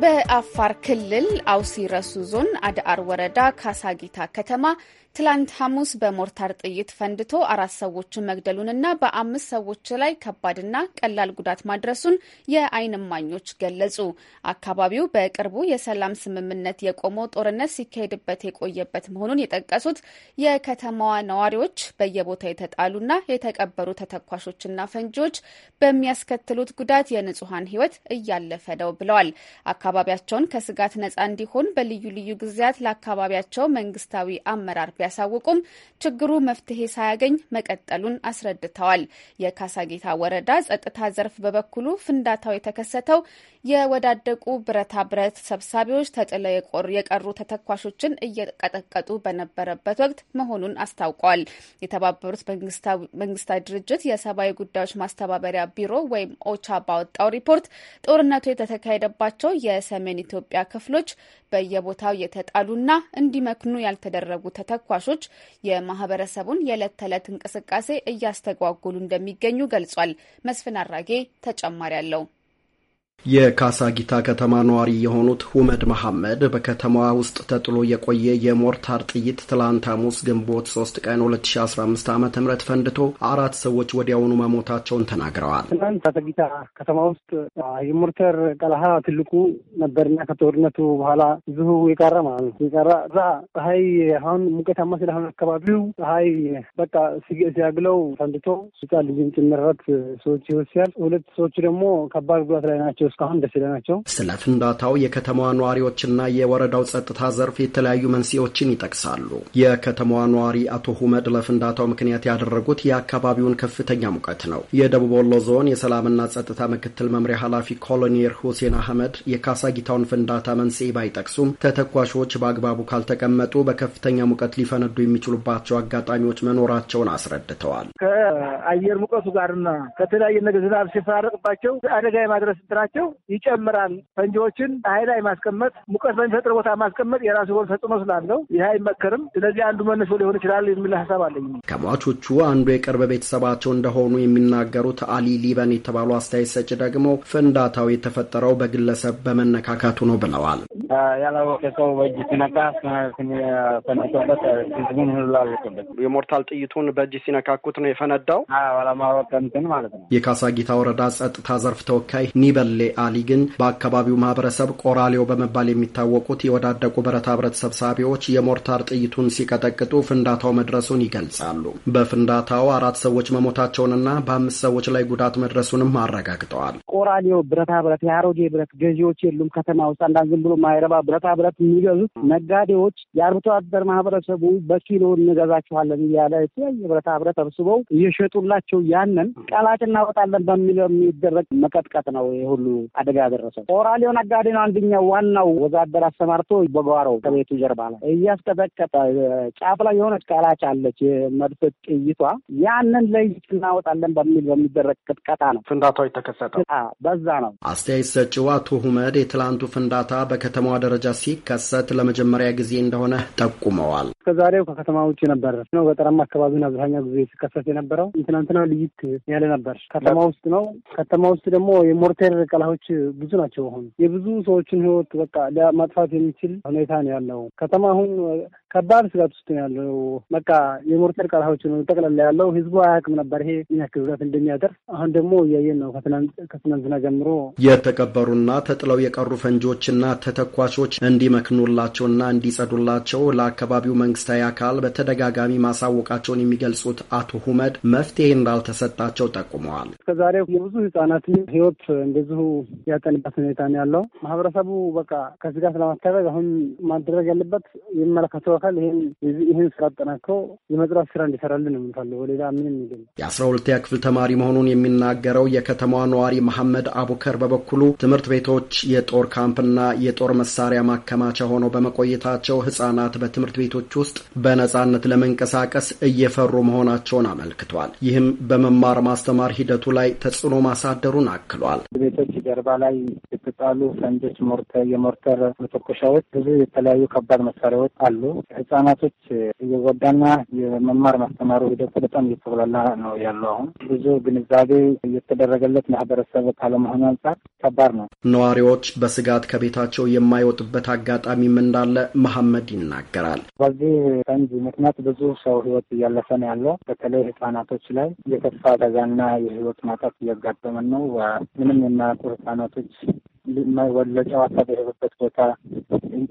በአፋር ክልል አውሲ ረሱ ዞን አድአር ወረዳ ካሳጊታ ከተማ ትላንት ሐሙስ በሞርታር ጥይት ፈንድቶ አራት ሰዎችን መግደሉንና በአምስት ሰዎች ላይ ከባድና ቀላል ጉዳት ማድረሱን የዓይን እማኞች ገለጹ። አካባቢው በቅርቡ የሰላም ስምምነት የቆመው ጦርነት ሲካሄድበት የቆየበት መሆኑን የጠቀሱት የከተማዋ ነዋሪዎች በየቦታው የተጣሉና የተቀበሩ ተተኳሾችና ፈንጂዎች በሚያስከትሉት ጉዳት የንጹሐን ሕይወት እያለፈ ነው ብለዋል። አካባቢያቸውን ከስጋት ነጻ እንዲሆን በልዩ ልዩ ጊዜያት ለአካባቢያቸው መንግስታዊ አመራር ቢያሳውቁም ችግሩ መፍትሄ ሳያገኝ መቀጠሉን አስረድተዋል። የካሳጌታ ወረዳ ጸጥታ ዘርፍ በበኩሉ ፍንዳታው የተከሰተው የወዳደቁ ብረታ ብረት ሰብሳቢዎች ተጥለው የቀሩ ተተኳሾችን እየቀጠቀጡ በነበረበት ወቅት መሆኑን አስታውቀዋል። የተባበሩት መንግስታት ድርጅት የሰብአዊ ጉዳዮች ማስተባበሪያ ቢሮ ወይም ኦቻ ባወጣው ሪፖርት ጦርነቱ የተካሄደባቸው የሰሜን ኢትዮጵያ ክፍሎች በየቦታው የተጣሉና እንዲመክኑ ያልተደረጉ ተተኳ ተኳሾች የማህበረሰቡን የዕለት ተዕለት እንቅስቃሴ እያስተጓጉሉ እንደሚገኙ ገልጿል። መስፍን አራጌ ተጨማሪ አለው። የካሳ ጊታ ከተማ ነዋሪ የሆኑት ሁመድ መሐመድ በከተማዋ ውስጥ ተጥሎ የቆየ የሞርታር ጥይት ትላንት ሐሙስ ግንቦት 3 ቀን 2015 ዓ ም ፈንድቶ አራት ሰዎች ወዲያውኑ መሞታቸውን ተናግረዋል። ትናንት ጊታ ከተማ ውስጥ የሞርተር ቀለሃ ትልቁ ነበርና ከጦርነቱ በኋላ ብዙ የቀረ ማለት ነው የቀረ እዛ ፀሐይ አሁን ሙቀታማ ስለሆነ አካባቢው ፀሐይ በቃ ሲያግለው ፈንድቶ ልጅን ጭምረት ሰዎች ይወስያል። ሁለት ሰዎች ደግሞ ከባድ ጉዳት ላይ ናቸው። እስካሁን ደስ ይለናቸው። ስለ ፍንዳታው የከተማዋ ነዋሪዎችና የወረዳው ጸጥታ ዘርፍ የተለያዩ መንስኤዎችን ይጠቅሳሉ። የከተማዋ ነዋሪ አቶ ሁመድ ለፍንዳታው ምክንያት ያደረጉት የአካባቢውን ከፍተኛ ሙቀት ነው። የደቡብ ወሎ ዞን የሰላምና ጸጥታ ምክትል መምሪያ ኃላፊ ኮሎኔል ሁሴን አህመድ የካሳጊታውን ፍንዳታ መንስኤ ባይጠቅሱም ተተኳሾች በአግባቡ ካልተቀመጡ በከፍተኛ ሙቀት ሊፈነዱ የሚችሉባቸው አጋጣሚዎች መኖራቸውን አስረድተዋል። ከአየር ሙቀቱ ጋርና ከተለያየ ነገር ዝናብ ሲፈራረቅባቸው አደጋ የማድረስ ጥራ ስላላቸው ይጨምራል። ፈንጂዎችን ፀሐይ ላይ ማስቀመጥ፣ ሙቀት በሚፈጥር ቦታ ማስቀመጥ የራሱ የሆነ ተጽዕኖ ስላለው ይህ አይመከርም። ስለዚህ አንዱ መነሾ ሊሆን ይችላል የሚል ሀሳብ አለኝ። ከሟቾቹ አንዱ የቅርብ ቤተሰባቸው እንደሆኑ የሚናገሩት አሊ ሊበን የተባሉ አስተያየት ሰጭ ደግሞ ፍንዳታው የተፈጠረው በግለሰብ በመነካካቱ ነው ብለዋል። ያላወቀ ሰው በእጅ ሲነካ ፈንድቶበት የሞርታል ጥይቱን በእጅ ሲነካኩት ነው የፈነዳው። እንትን ማለት ነው። የካሳጊታ ወረዳ ጸጥታ ዘርፍ ተወካይ ኒበል ጀሌ አሊ ግን በአካባቢው ማህበረሰብ ቆራሌው በመባል የሚታወቁት የወዳደቁ ብረታ ብረት ሰብሳቢዎች የሞርታር ጥይቱን ሲቀጠቅጡ ፍንዳታው መድረሱን ይገልጻሉ። በፍንዳታው አራት ሰዎች መሞታቸውንና በአምስት ሰዎች ላይ ጉዳት መድረሱንም አረጋግጠዋል። ቆራሌው ብረታ ብረት የአሮጌ ብረት ገዢዎች የሉም። ከተማ ውስጥ አንዳንድ ዝም ብሎ ማይረባ ብረታ ብረት የሚገዙት ነጋዴዎች፣ የአርብቶ አደር ማህበረሰቡ በኪሎ እንገዛችኋለን እያለ የተለያየ ብረታ ብረት ሰብስበው እየሸጡላቸው ያንን ቃላት እናወጣለን በሚለው የሚደረግ መቀጥቀጥ ነው ሁሉ አደጋ ደረሰው ኦራሊዮን አጋዴ ነው አንድኛው ዋናው ወዛደር አሰማርቶ በጓሮው ከቤቱ ጀርባ ላይ እያስቀጠቀጠ ጫፍ ላይ የሆነች ቀላች አለች መድፍ ጥይቷ፣ ያንን ለይት እናወጣለን በሚል በሚደረግ ቅጥቀጣ ነው ፍንዳታው የተከሰተው። በዛ ነው አስተያየት ሰጪው አቶ ሁመድ የትላንቱ ፍንዳታ በከተማዋ ደረጃ ሲከሰት ለመጀመሪያ ጊዜ እንደሆነ ጠቁመዋል። እስከዛሬው ከከተማ ውጭ ነበር ነው። ገጠራማ አካባቢውን አብዛኛው ጊዜ ሲከሰት የነበረው ትናንትና ልይት ያለ ነበር። ከተማ ውስጥ ነው። ከተማ ውስጥ ደግሞ የሞርቴር ቀላዎች ብዙ ናቸው። አሁን የብዙ ሰዎችን ህይወት በቃ ማጥፋት የሚችል ሁኔታ ነው ያለው። ከተማ አሁን ከባድ ስጋት ውስጥ ነው ያለው። በቃ የሞርቴር ቀላዎች ነው ጠቅላላ ያለው። ህዝቡ አያውቅም ነበር ይሄ ምን ያክል ጉዳት እንደሚያደርስ። አሁን ደግሞ እያየን ነው ከትናንትና ጀምሮ። የተቀበሩና ተጥለው የቀሩ ፈንጂዎችና ተተኳሾች እንዲመክኑላቸውና እንዲጸዱላቸው ለአካባቢው መ መንግስታዊ አካል በተደጋጋሚ ማሳወቃቸውን የሚገልጹት አቶ ሁመድ መፍትሄ እንዳልተሰጣቸው ጠቁመዋል። እስከዛሬ የብዙ ህጻናት ህይወት እንደዚሁ ያጠንበት ሁኔታ ነው ያለው። ማህበረሰቡ በቃ ከስጋት ለማስታረቅ አሁን ማድረግ ያለበት የሚመለከተው አካል ይህን ስራ አጠናክሮ የመጽዳት ስራ እንዲሰራልን የምንፈልገው ሌላ ምንም ይገ የአስራ ሁለተኛ ክፍል ተማሪ መሆኑን የሚናገረው የከተማዋ ነዋሪ መሐመድ አቡከር በበኩሉ ትምህርት ቤቶች የጦር ካምፕና የጦር መሳሪያ ማከማቻ ሆነው በመቆየታቸው ህጻናት በትምህርት ቤቶቹ ውስጥ በነጻነት ለመንቀሳቀስ እየፈሩ መሆናቸውን አመልክቷል። ይህም በመማር ማስተማር ሂደቱ ላይ ተጽዕኖ ማሳደሩን አክሏል። ቤቶች ጀርባ ላይ የተጣሉ ፈንጆች፣ የሞርተር መተኮሻዎች፣ ብዙ የተለያዩ ከባድ መሳሪያዎች አሉ። ህጻናቶች እየጎዳና የመማር ማስተማሩ ሂደቱ በጣም እየተብላላ ነው ያለው። አሁን ብዙ ግንዛቤ እየተደረገለት ማህበረሰብ ካለመሆኑ አንጻር ከባድ ነው። ነዋሪዎች በስጋት ከቤታቸው የማይወጡበት አጋጣሚም እንዳለ መሐመድ ይናገራል። በዚህ ፈንጅ ምክንያት ብዙ ሰው ህይወት እያለፈ ነው ያለው። በተለይ ህጻናቶች ላይ የተስፋ አደጋና የህይወት ማጣት እያጋጠመን ነው። ምንም የማያውቁ ህጻናቶች ለጨዋታ በሄዱበት ቦታ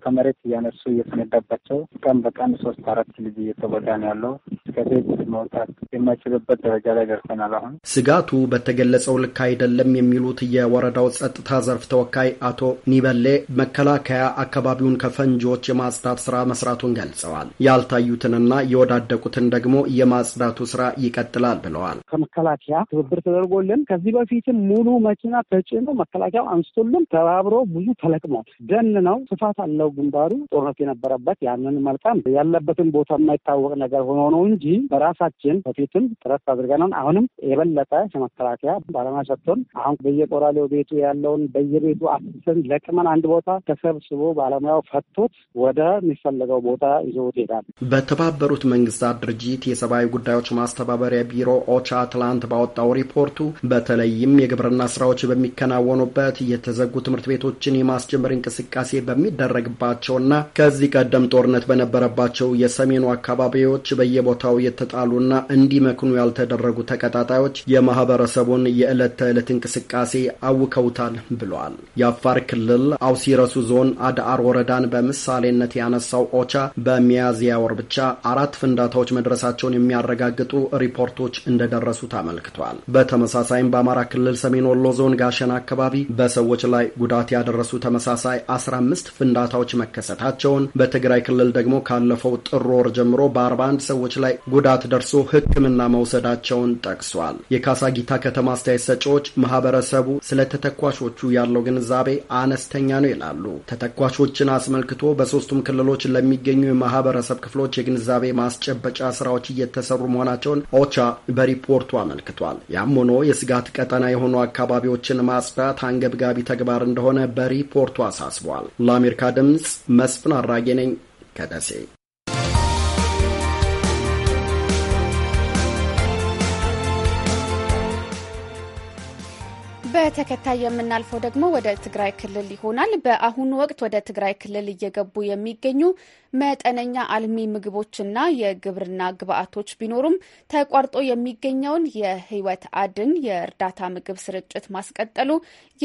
ከመሬት እያነሱ እየተነዳባቸው ቀን በቀን ሶስት አራት ልጅ እየተጎዳ ነው ያለው። ከቤት መውጣት የማይችልበት ደረጃ ላይ ደርሰናል። አሁን ስጋቱ በተገለጸው ልክ አይደለም የሚሉት የወረዳው ጸጥታ ዘርፍ ተወካይ አቶ ኒበሌ መከላከያ አካባቢውን ከፈንጂዎች የማጽዳት ስራ መስራቱን ገልጸዋል። ያልታዩትንና የወዳደቁትን ደግሞ የማጽዳቱ ስራ ይቀጥላል ብለዋል። ከመከላከያ ትብብር ተደርጎልን ከዚህ በፊትም ሙሉ መኪና ተጭኖ መከላከያው አንስቶልን ግን ተባብሮ ብዙ ተለቅሟል። ደን ነው፣ ስፋት አለው ግንባሩ ጦርነት የነበረበት ያንን መልቀም ያለበትን ቦታ የማይታወቅ ነገር ሆኖ ነው እንጂ በራሳችን በፊትም ጥረት አድርገናል። አሁንም የበለጠ መከላከያ ባለሙያ ሰጥቶን አሁን በየቆራሌው ቤቱ ያለውን በየቤቱ አስሰን ለቅመን አንድ ቦታ ተሰብስቦ ባለሙያው ፈቶት ወደ የሚፈለገው ቦታ ይዞት ይሄዳል። በተባበሩት መንግስታት ድርጅት የሰብአዊ ጉዳዮች ማስተባበሪያ ቢሮ ኦቻ ትላንት ባወጣው ሪፖርቱ በተለይም የግብርና ስራዎች በሚከናወኑበት የተዘ የተዘጉ ትምህርት ቤቶችን የማስጀመር እንቅስቃሴ በሚደረግባቸውና ከዚህ ቀደም ጦርነት በነበረባቸው የሰሜኑ አካባቢዎች በየቦታው የተጣሉና እንዲመክኑ ያልተደረጉ ተቀጣጣዮች የማህበረሰቡን የዕለት ተዕለት እንቅስቃሴ አውከውታል ብለል። የአፋር ክልል አውሲረሱ ዞን አድአር ወረዳን በምሳሌነት ያነሳው ኦቻ በሚያዝያ ወር ብቻ አራት ፍንዳታዎች መድረሳቸውን የሚያረጋግጡ ሪፖርቶች እንደደረሱት አመልክቷል። በተመሳሳይም በአማራ ክልል ሰሜን ወሎ ዞን ጋሸና አካባቢ በሰዎች ላይ ላይ ጉዳት ያደረሱ ተመሳሳይ 15 ፍንዳታዎች መከሰታቸውን፣ በትግራይ ክልል ደግሞ ካለፈው ጥር ወር ጀምሮ በ41 ሰዎች ላይ ጉዳት ደርሶ ሕክምና መውሰዳቸውን ጠቅሷል። የካሳጊታ ከተማ አስተያየት ሰጪዎች ማህበረሰቡ ስለ ተተኳሾቹ ያለው ግንዛቤ አነስተኛ ነው ይላሉ። ተተኳሾችን አስመልክቶ በሶስቱም ክልሎች ለሚገኙ የማህበረሰብ ክፍሎች የግንዛቤ ማስጨበጫ ስራዎች እየተሰሩ መሆናቸውን ኦቻ በሪፖርቱ አመልክቷል። ያም ሆኖ የስጋት ቀጠና የሆኑ አካባቢዎችን ማጽዳት አንገብጋቢ ተግባ ተግባር እንደሆነ በሪፖርቱ አሳስቧል። ለአሜሪካ ድምፅ መስፍን አራጌ ነኝ ከደሴ። በተከታይ የምናልፈው ደግሞ ወደ ትግራይ ክልል ይሆናል። በአሁኑ ወቅት ወደ ትግራይ ክልል እየገቡ የሚገኙ መጠነኛ አልሚ ምግቦችና የግብርና ግብአቶች ቢኖሩም ተቋርጦ የሚገኘውን የህይወት አድን የእርዳታ ምግብ ስርጭት ማስቀጠሉ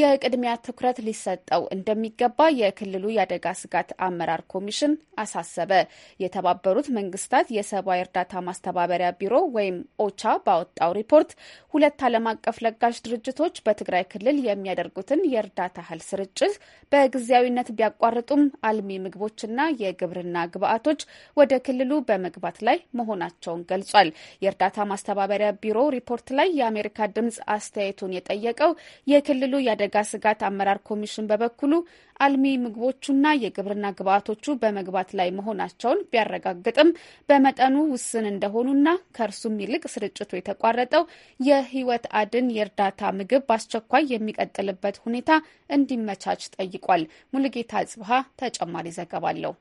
የቅድሚያ ትኩረት ሊሰጠው እንደሚገባ የክልሉ የአደጋ ስጋት አመራር ኮሚሽን አሳሰበ። የተባበሩት መንግስታት የሰብአዊ እርዳታ ማስተባበሪያ ቢሮ ወይም ኦቻ ባወጣው ሪፖርት ሁለት ዓለም አቀፍ ለጋሽ ድርጅቶች በትግራይ ክልል የሚያደርጉትን የእርዳታ እህል ስርጭት በጊዜያዊነት ቢያቋርጡም አልሚ ምግቦችና የግብርና ግብአቶች ወደ ክልሉ በመግባት ላይ መሆናቸውን ገልጿል። የእርዳታ ማስተባበሪያ ቢሮ ሪፖርት ላይ የአሜሪካ ድምጽ አስተያየቱን የጠየቀው የክልሉ የአደጋ ስጋት አመራር ኮሚሽን በበኩሉ አልሚ ምግቦቹና የግብርና ግብአቶቹ በመግባት ላይ መሆናቸውን ቢያረጋግጥም በመጠኑ ውስን እንደሆኑና ከእርሱም ይልቅ ስርጭቱ የተቋረጠው የህይወት አድን የእርዳታ ምግብ በአስቸኳይ የሚቀጥልበት ሁኔታ እንዲመቻች ጠይቋል። ሙሉጌታ ጽብሃ ተጨማሪ ዘገባ አለው።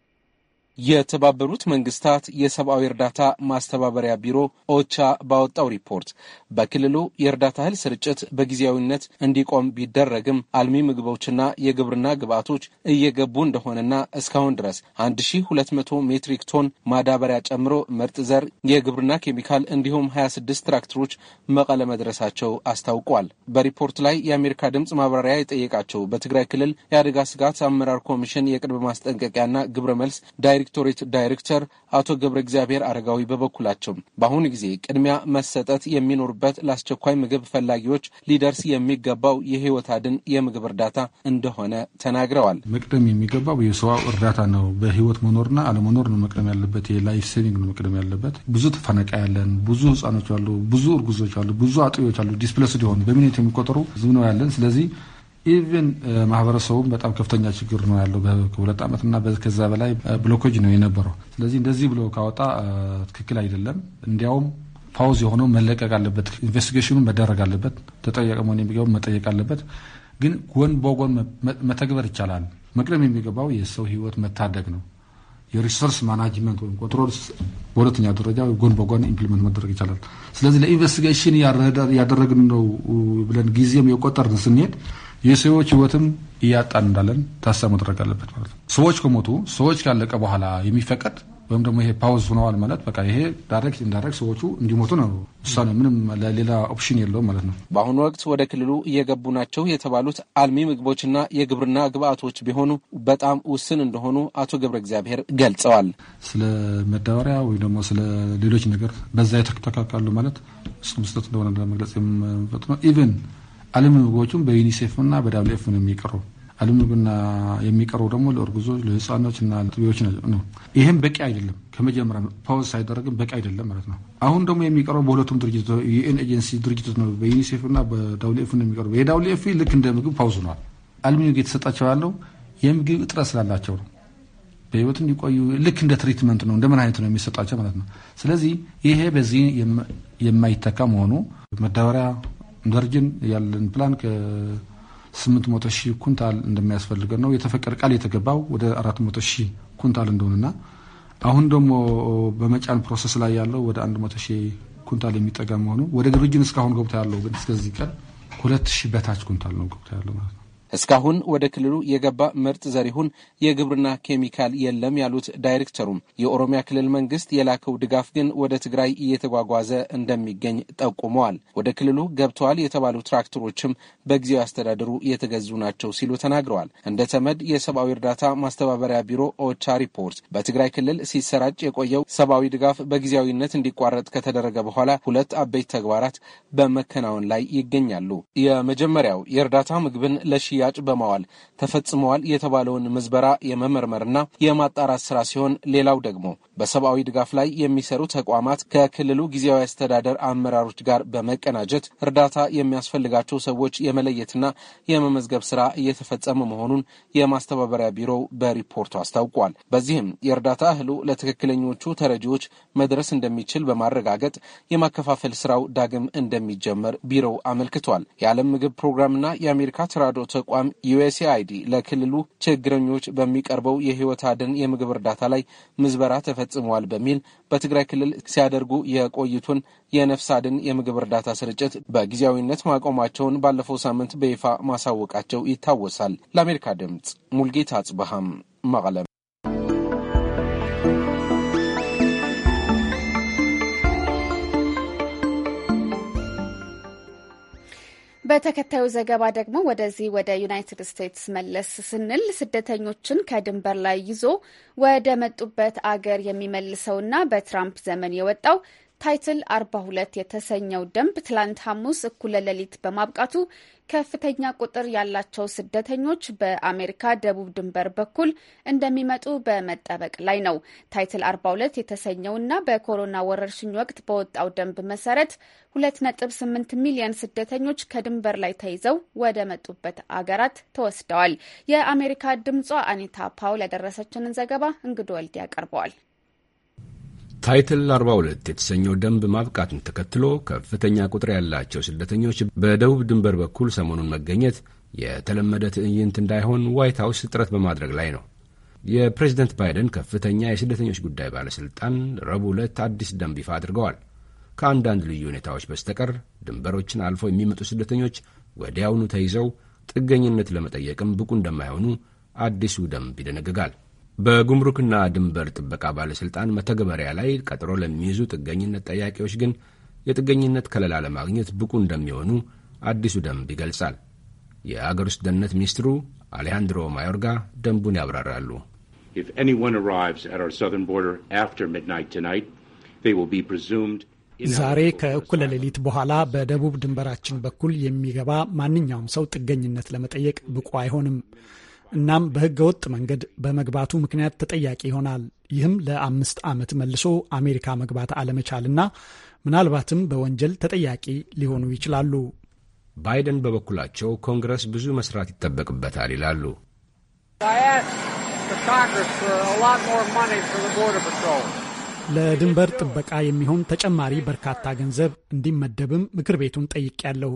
የተባበሩት መንግስታት የሰብአዊ እርዳታ ማስተባበሪያ ቢሮ ኦቻ ባወጣው ሪፖርት በክልሉ የእርዳታ እህል ስርጭት በጊዜያዊነት እንዲቆም ቢደረግም አልሚ ምግቦችና የግብርና ግብዓቶች እየገቡ እንደሆነና እስካሁን ድረስ 1200 ሜትሪክ ቶን ማዳበሪያ ጨምሮ ምርጥ ዘር፣ የግብርና ኬሚካል እንዲሁም 26 ትራክተሮች መቀለ መድረሳቸው አስታውቋል። በሪፖርት ላይ የአሜሪካ ድምፅ ማብራሪያ የጠየቃቸው በትግራይ ክልል የአደጋ ስጋት አመራር ኮሚሽን የቅድመ ማስጠንቀቂያና ግብረ መልስ ዳይሬ ዳይሬክቶሬት ዳይሬክተር አቶ ገብረ እግዚአብሔር አረጋዊ በበኩላቸው በአሁኑ ጊዜ ቅድሚያ መሰጠት የሚኖርበት ለአስቸኳይ ምግብ ፈላጊዎች ሊደርስ የሚገባው የህይወት አድን የምግብ እርዳታ እንደሆነ ተናግረዋል። መቅደም የሚገባው የሰዋው እርዳታ ነው። በህይወት መኖርና አለመኖር ነው መቅደም ያለበት። የላይፍ ሴቪንግ ነው መቅደም ያለበት። ብዙ ተፈናቃይ ያለን፣ ብዙ ህጻኖች አሉ፣ ብዙ እርጉዞች አሉ፣ ብዙ አጥቢዎች አሉ፣ ዲስፕለስድ የሆኑ በሚኒት የሚቆጠሩ ህዝብ ነው ያለን። ስለዚህ ኢቨን ማህበረሰቡም በጣም ከፍተኛ ችግር ነው ያለው። ከሁለት ዓመትና ከዛ በላይ ብሎኮጅ ነው የነበረው። ስለዚህ እንደዚህ ብሎ ካወጣ ትክክል አይደለም። እንዲያውም ፓውዝ የሆነው መለቀቅ አለበት። ኢንቨስቲጌሽኑ መደረግ አለበት። ተጠየቀ መሆን የሚገባው መጠየቅ አለበት። ግን ጎን በጎን መተግበር ይቻላል። መቅደም የሚገባው የሰው ህይወት መታደግ ነው። የሪሶርስ ማናጅመንት ወይም ኮንትሮል በሁለተኛ ደረጃ ጎን በጎን ኢምፕሊመንት መደረግ ይቻላል። ስለዚህ ለኢንቨስቲጌሽን ያደረግን ነው ብለን ጊዜም የቆጠርን ስንሄድ የሰዎች ህይወትም እያጣን እንዳለን ታሳብ መድረግ አለበት ማለት ነው። ሰዎች ከሞቱ ሰዎች ካለቀ በኋላ የሚፈቀድ ወይም ደግሞ ይሄ ፓውዝ ሆነዋል ማለት በቃ ይሄ ዳይሬክት እንዳይሬክት ሰዎቹ እንዲሞቱ ነው ውሳኔ። ምንም ለሌላ ኦፕሽን የለውም ማለት ነው። በአሁኑ ወቅት ወደ ክልሉ እየገቡ ናቸው የተባሉት አልሚ ምግቦችና የግብርና ግብአቶች ቢሆኑ በጣም ውስን እንደሆኑ አቶ ገብረ እግዚአብሔር ገልጸዋል። ስለ መዳበሪያ ወይም ደግሞ ስለ ሌሎች ነገር በዛ የተተካካሉ ማለት እሱም መስጠት እንደሆነ ለመግለጽ የምንፈጥ ነው ኢቨን አለም ምግቦቹም በዩኒሴፍና በዳብሊፍ ነው የሚቀሩ አለም ምግብና የሚቀርቡ ደግሞ ለእርጉዞች፣ ለህፃኖች እና ጥቢዎች ነው። ይህም በቂ አይደለም። ከመጀመሪያ ፓውዝ ሳይደረግም በቂ አይደለም ማለት ነው። አሁን ደግሞ የሚቀርቡ በሁለቱም ድርጅት ዩኤን ኤጀንሲ ድርጅቶች ነው። በዩኒሴፍና በዳብሊፍ ነው የሚቀርቡ። የዳብሊፍ ልክ እንደ ምግብ ፓውዝ ነዋል። አለም ምግብ የተሰጣቸው ያለው የምግብ እጥረት ስላላቸው ነው። በህይወት እንዲቆዩ ልክ እንደ ትሪትመንት ነው እንደምን አይነት ነው የሚሰጣቸው ማለት ነው። ስለዚህ ይሄ በዚህ የማይተካ መሆኑ መዳበሪያ ደርጅን ያለን ፕላን ከስምንት መቶ ሺህ ኩንታል እንደሚያስፈልገን ነው የተፈቀደ ቃል የተገባው ወደ አራት መቶ ሺህ ኩንታል እንደሆነና አሁን ደግሞ በመጫን ፕሮሰስ ላይ ያለው ወደ አንድ መቶ ሺህ ኩንታል የሚጠጋ መሆኑ ወደ ድርጅን እስካሁን ገብታ ያለው ግን እስከዚህ ቀን ሁለት ሺህ በታች ኩንታል ነው ገብታ ያለው ማለት ነው። እስካሁን ወደ ክልሉ የገባ ምርጥ ዘር ይሁን የግብርና ኬሚካል የለም ያሉት ዳይሬክተሩም የኦሮሚያ ክልል መንግስት የላከው ድጋፍ ግን ወደ ትግራይ እየተጓጓዘ እንደሚገኝ ጠቁመዋል። ወደ ክልሉ ገብተዋል የተባሉ ትራክተሮችም በጊዜው አስተዳደሩ የተገዙ ናቸው ሲሉ ተናግረዋል። እንደ ተመድ የሰብአዊ እርዳታ ማስተባበሪያ ቢሮ ኦቻ ሪፖርት በትግራይ ክልል ሲሰራጭ የቆየው ሰብአዊ ድጋፍ በጊዜያዊነት እንዲቋረጥ ከተደረገ በኋላ ሁለት አበይት ተግባራት በመከናወን ላይ ይገኛሉ። የመጀመሪያው የእርዳታ ምግብን ለሽያ ሽያጭ በማዋል ተፈጽመዋል የተባለውን ምዝበራ የመመርመርና የማጣራት ስራ ሲሆን ሌላው ደግሞ በሰብአዊ ድጋፍ ላይ የሚሰሩ ተቋማት ከክልሉ ጊዜያዊ አስተዳደር አመራሮች ጋር በመቀናጀት እርዳታ የሚያስፈልጋቸው ሰዎች የመለየትና የመመዝገብ ስራ እየተፈጸመ መሆኑን የማስተባበሪያ ቢሮው በሪፖርቱ አስታውቋል። በዚህም የእርዳታ እህሉ ለትክክለኞቹ ተረጂዎች መድረስ እንደሚችል በማረጋገጥ የማከፋፈል ስራው ዳግም እንደሚጀመር ቢሮው አመልክቷል። የዓለም ምግብ ፕሮግራምና የአሜሪካ ተራድኦ ተቋም ዩኤስኤአይዲ ለክልሉ ችግረኞች በሚቀርበው የህይወት አድን የምግብ እርዳታ ላይ ምዝበራ ተፈጽመዋል በሚል በትግራይ ክልል ሲያደርጉ የቆይቱን የነፍስ አድን የምግብ እርዳታ ስርጭት በጊዜያዊነት ማቆማቸውን ባለፈው ሳምንት በይፋ ማሳወቃቸው ይታወሳል። ለአሜሪካ ድምጽ ሙልጌታ አጽበሃም መቀለም በተከታዩ ዘገባ ደግሞ ወደዚህ ወደ ዩናይትድ ስቴትስ መለስ ስንል ስደተኞችን ከድንበር ላይ ይዞ ወደ መጡበት አገር የሚመልሰውና በትራምፕ ዘመን የወጣው ታይትል 42 የተሰኘው ደንብ ትላንት ሐሙስ እኩለ ሌሊት በማብቃቱ ከፍተኛ ቁጥር ያላቸው ስደተኞች በአሜሪካ ደቡብ ድንበር በኩል እንደሚመጡ በመጠበቅ ላይ ነው። ታይትል 42 የተሰኘውና በኮሮና ወረርሽኝ ወቅት በወጣው ደንብ መሰረት 2.8 ሚሊዮን ስደተኞች ከድንበር ላይ ተይዘው ወደ መጡበት አገራት ተወስደዋል። የአሜሪካ ድምጿ አኒታ ፓውል ያደረሰችንን ዘገባ እንግዶ ወልድ ያቀርበዋል። ታይትል 42 የተሰኘው ደንብ ማብቃትን ተከትሎ ከፍተኛ ቁጥር ያላቸው ስደተኞች በደቡብ ድንበር በኩል ሰሞኑን መገኘት የተለመደ ትዕይንት እንዳይሆን ዋይት ሀውስ ጥረት በማድረግ ላይ ነው። የፕሬዝደንት ባይደን ከፍተኛ የስደተኞች ጉዳይ ባለሥልጣን ረቡዕ ዕለት አዲስ ደንብ ይፋ አድርገዋል። ከአንዳንድ ልዩ ሁኔታዎች በስተቀር ድንበሮችን አልፎ የሚመጡ ስደተኞች ወዲያውኑ ተይዘው ጥገኝነት ለመጠየቅም ብቁ እንደማይሆኑ አዲሱ ደንብ ይደነግጋል። በጉምሩክና ድንበር ጥበቃ ባለሥልጣን መተግበሪያ ላይ ቀጥሮ ለሚይዙ ጥገኝነት ጠያቂዎች ግን የጥገኝነት ከለላ ለማግኘት ብቁ እንደሚሆኑ አዲሱ ደንብ ይገልጻል። የአገር ውስጥ ደህንነት ሚኒስትሩ አሌሃንድሮ ማዮርጋ ደንቡን ያብራራሉ። ዛሬ ከእኩለ ሌሊት በኋላ በደቡብ ድንበራችን በኩል የሚገባ ማንኛውም ሰው ጥገኝነት ለመጠየቅ ብቁ አይሆንም። እናም በህገ ወጥ መንገድ በመግባቱ ምክንያት ተጠያቂ ይሆናል። ይህም ለአምስት ዓመት መልሶ አሜሪካ መግባት አለመቻልና ምናልባትም በወንጀል ተጠያቂ ሊሆኑ ይችላሉ። ባይደን በበኩላቸው ኮንግረስ ብዙ መስራት ይጠበቅበታል ይላሉ። ለድንበር ጥበቃ የሚሆን ተጨማሪ በርካታ ገንዘብ እንዲመደብም ምክር ቤቱን ጠይቄያለሁ።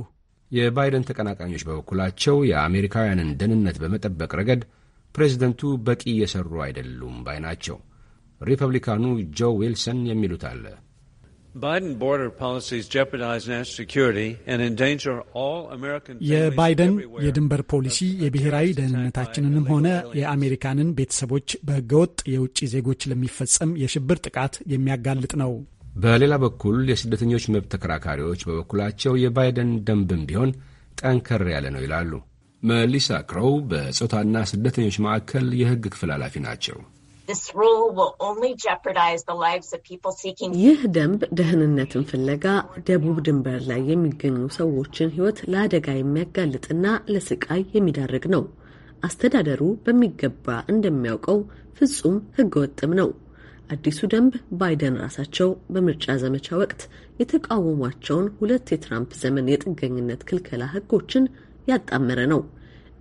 የባይደን ተቀናቃኞች በበኩላቸው የአሜሪካውያንን ደህንነት በመጠበቅ ረገድ ፕሬዝደንቱ በቂ እየሰሩ አይደሉም ባይ ናቸው። ሪፐብሊካኑ ጆ ዊልሰን የሚሉት አለ። የባይደን የድንበር ፖሊሲ የብሔራዊ ደህንነታችንንም ሆነ የአሜሪካንን ቤተሰቦች በህገወጥ የውጭ ዜጎች ለሚፈጸም የሽብር ጥቃት የሚያጋልጥ ነው። በሌላ በኩል የስደተኞች መብት ተከራካሪዎች በበኩላቸው የባይደን ደንብም ቢሆን ጠንከር ያለ ነው ይላሉ። መሊሳ ክሮው በጾታና ስደተኞች ማዕከል የሕግ ክፍል ኃላፊ ናቸው። ይህ ደንብ ደህንነትን ፍለጋ ደቡብ ድንበር ላይ የሚገኙ ሰዎችን ሕይወት ለአደጋ የሚያጋልጥና ለስቃይ የሚዳርግ ነው። አስተዳደሩ በሚገባ እንደሚያውቀው ፍጹም ሕገወጥም ነው። አዲሱ ደንብ ባይደን ራሳቸው በምርጫ ዘመቻ ወቅት የተቃወሟቸውን ሁለት የትራምፕ ዘመን የጥገኝነት ክልከላ ሕጎችን ያጣመረ ነው።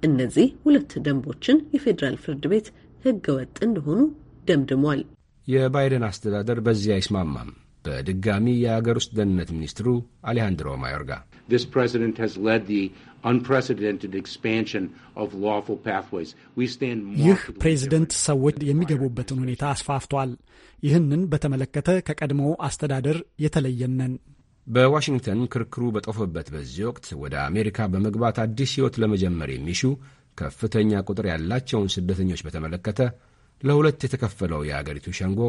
እነዚህ ሁለት ደንቦችን የፌዴራል ፍርድ ቤት ህገ ወጥ እንደሆኑ ደምድሟል። የባይደን አስተዳደር በዚህ አይስማማም። በድጋሚ የአገር ውስጥ ደህንነት ሚኒስትሩ አሌሃንድሮ ማዮርጋ ይህ ፕሬዝደንት ሰዎች የሚገቡበትን ሁኔታ አስፋፍቷል። ይህንን በተመለከተ ከቀድሞ አስተዳደር የተለየነን። በዋሽንግተን ክርክሩ በጦፈበት በዚህ ወቅት ወደ አሜሪካ በመግባት አዲስ ሕይወት ለመጀመር የሚሹ ከፍተኛ ቁጥር ያላቸውን ስደተኞች በተመለከተ ለሁለት የተከፈለው የአገሪቱ ሸንጎ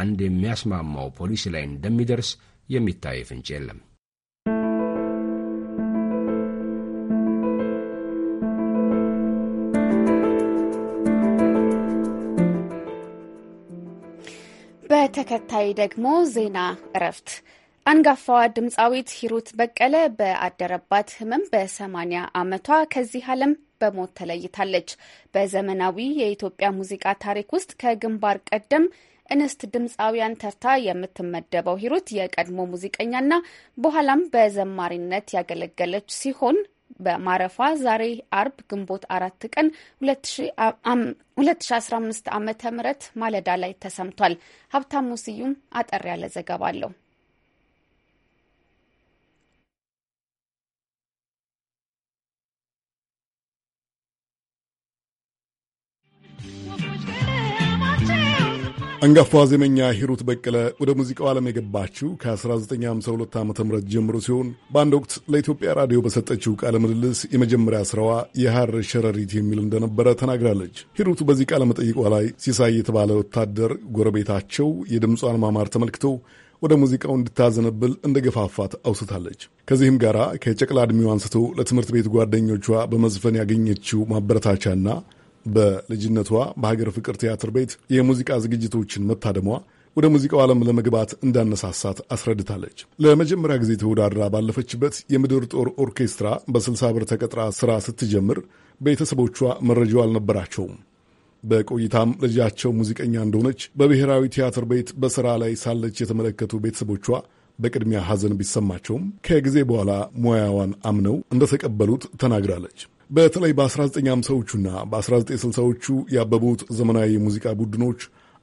አንድ የሚያስማማው ፖሊሲ ላይ እንደሚደርስ የሚታይ ፍንጭ የለም። በተከታይ ደግሞ ዜና እረፍት። አንጋፋዋ ድምፃዊት ሂሩት በቀለ በአደረባት ህመም በሰማኒያ ዓመቷ ከዚህ ዓለም በሞት ተለይታለች። በዘመናዊ የኢትዮጵያ ሙዚቃ ታሪክ ውስጥ ከግንባር ቀደም እንስት ድምፃውያን ተርታ የምትመደበው ሂሩት የቀድሞ ሙዚቀኛና በኋላም በዘማሪነት ያገለገለች ሲሆን በማረፏ ዛሬ አርብ ግንቦት አራት ቀን 2015 ዓ ም ማለዳ ላይ ተሰምቷል። ሀብታሙ ስዩም አጠር ያለ ዘገባ አለው። አንጋፋ ዜመኛ ሂሩት በቀለ ወደ ሙዚቃው ዓለም የገባችው ከ1952 ዓ ም ጀምሮ ሲሆን በአንድ ወቅት ለኢትዮጵያ ራዲዮ በሰጠችው ቃለ ምልልስ የመጀመሪያ ስራዋ የሐር ሸረሪት የሚል እንደነበረ ተናግራለች። ሂሩት በዚህ ቃለ መጠይቋ ላይ ሲሳይ የተባለ ወታደር ጎረቤታቸው የድምጿን ማማር ተመልክቶ ወደ ሙዚቃው እንድታዘነብል እንደ ገፋፋት አውስታለች። ከዚህም ጋር ከጨቅላ ዕድሜው አንስቶ ለትምህርት ቤት ጓደኞቿ በመዝፈን ያገኘችው ማበረታቻና በልጅነቷ በሀገር ፍቅር ቲያትር ቤት የሙዚቃ ዝግጅቶችን መታደሟ ወደ ሙዚቃው ዓለም ለመግባት እንዳነሳሳት አስረድታለች። ለመጀመሪያ ጊዜ ተወዳድራ ባለፈችበት የምድር ጦር ኦርኬስትራ በስልሳ ብር ተቀጥራ ሥራ ስትጀምር ቤተሰቦቿ መረጃው አልነበራቸውም። በቆይታም ልጃቸው ሙዚቀኛ እንደሆነች በብሔራዊ ቲያትር ቤት በሥራ ላይ ሳለች የተመለከቱ ቤተሰቦቿ በቅድሚያ ሐዘን ቢሰማቸውም ከጊዜ በኋላ ሙያዋን አምነው እንደተቀበሉት ተናግራለች። በተለይ በ1950ዎቹና በ1960ዎቹ ያበቡት ዘመናዊ የሙዚቃ ቡድኖች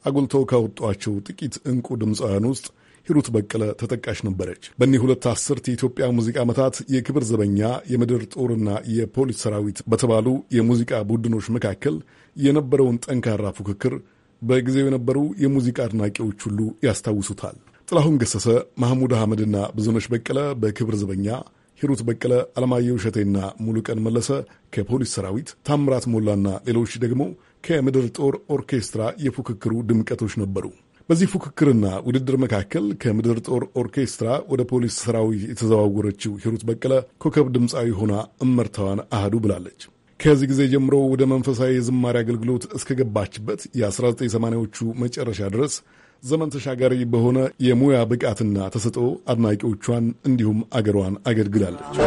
አጉልተው ካወጧቸው ጥቂት እንቁ ድምፃውያን ውስጥ ሂሩት በቀለ ተጠቃሽ ነበረች። በእኒህ ሁለት አስርት የኢትዮጵያ ሙዚቃ ዓመታት የክብር ዘበኛ፣ የምድር ጦርና የፖሊስ ሰራዊት በተባሉ የሙዚቃ ቡድኖች መካከል የነበረውን ጠንካራ ፉክክር በጊዜው የነበሩ የሙዚቃ አድናቂዎች ሁሉ ያስታውሱታል። ጥላሁን ገሰሰ፣ ማህሙድ አህመድና ብዙነሽ በቀለ በክብር ዘበኛ ሂሩት በቀለ፣ አለማየሁ እሸቴና ሙሉቀን መለሰ ከፖሊስ ሰራዊት፣ ታምራት ሞላና ሌሎች ደግሞ ከምድር ጦር ኦርኬስትራ የፉክክሩ ድምቀቶች ነበሩ። በዚህ ፉክክርና ውድድር መካከል ከምድር ጦር ኦርኬስትራ ወደ ፖሊስ ሰራዊት የተዘዋወረችው ሂሩት በቀለ ኮከብ ድምፃዊ ሆና እመርታዋን አህዱ ብላለች። ከዚህ ጊዜ ጀምሮ ወደ መንፈሳዊ የዝማሬ አገልግሎት እስከገባችበት የ1980ዎቹ መጨረሻ ድረስ ዘመን ተሻጋሪ በሆነ የሙያ ብቃትና ተሰጥኦ አድናቂዎቿን እንዲሁም አገሯን አገልግላለች።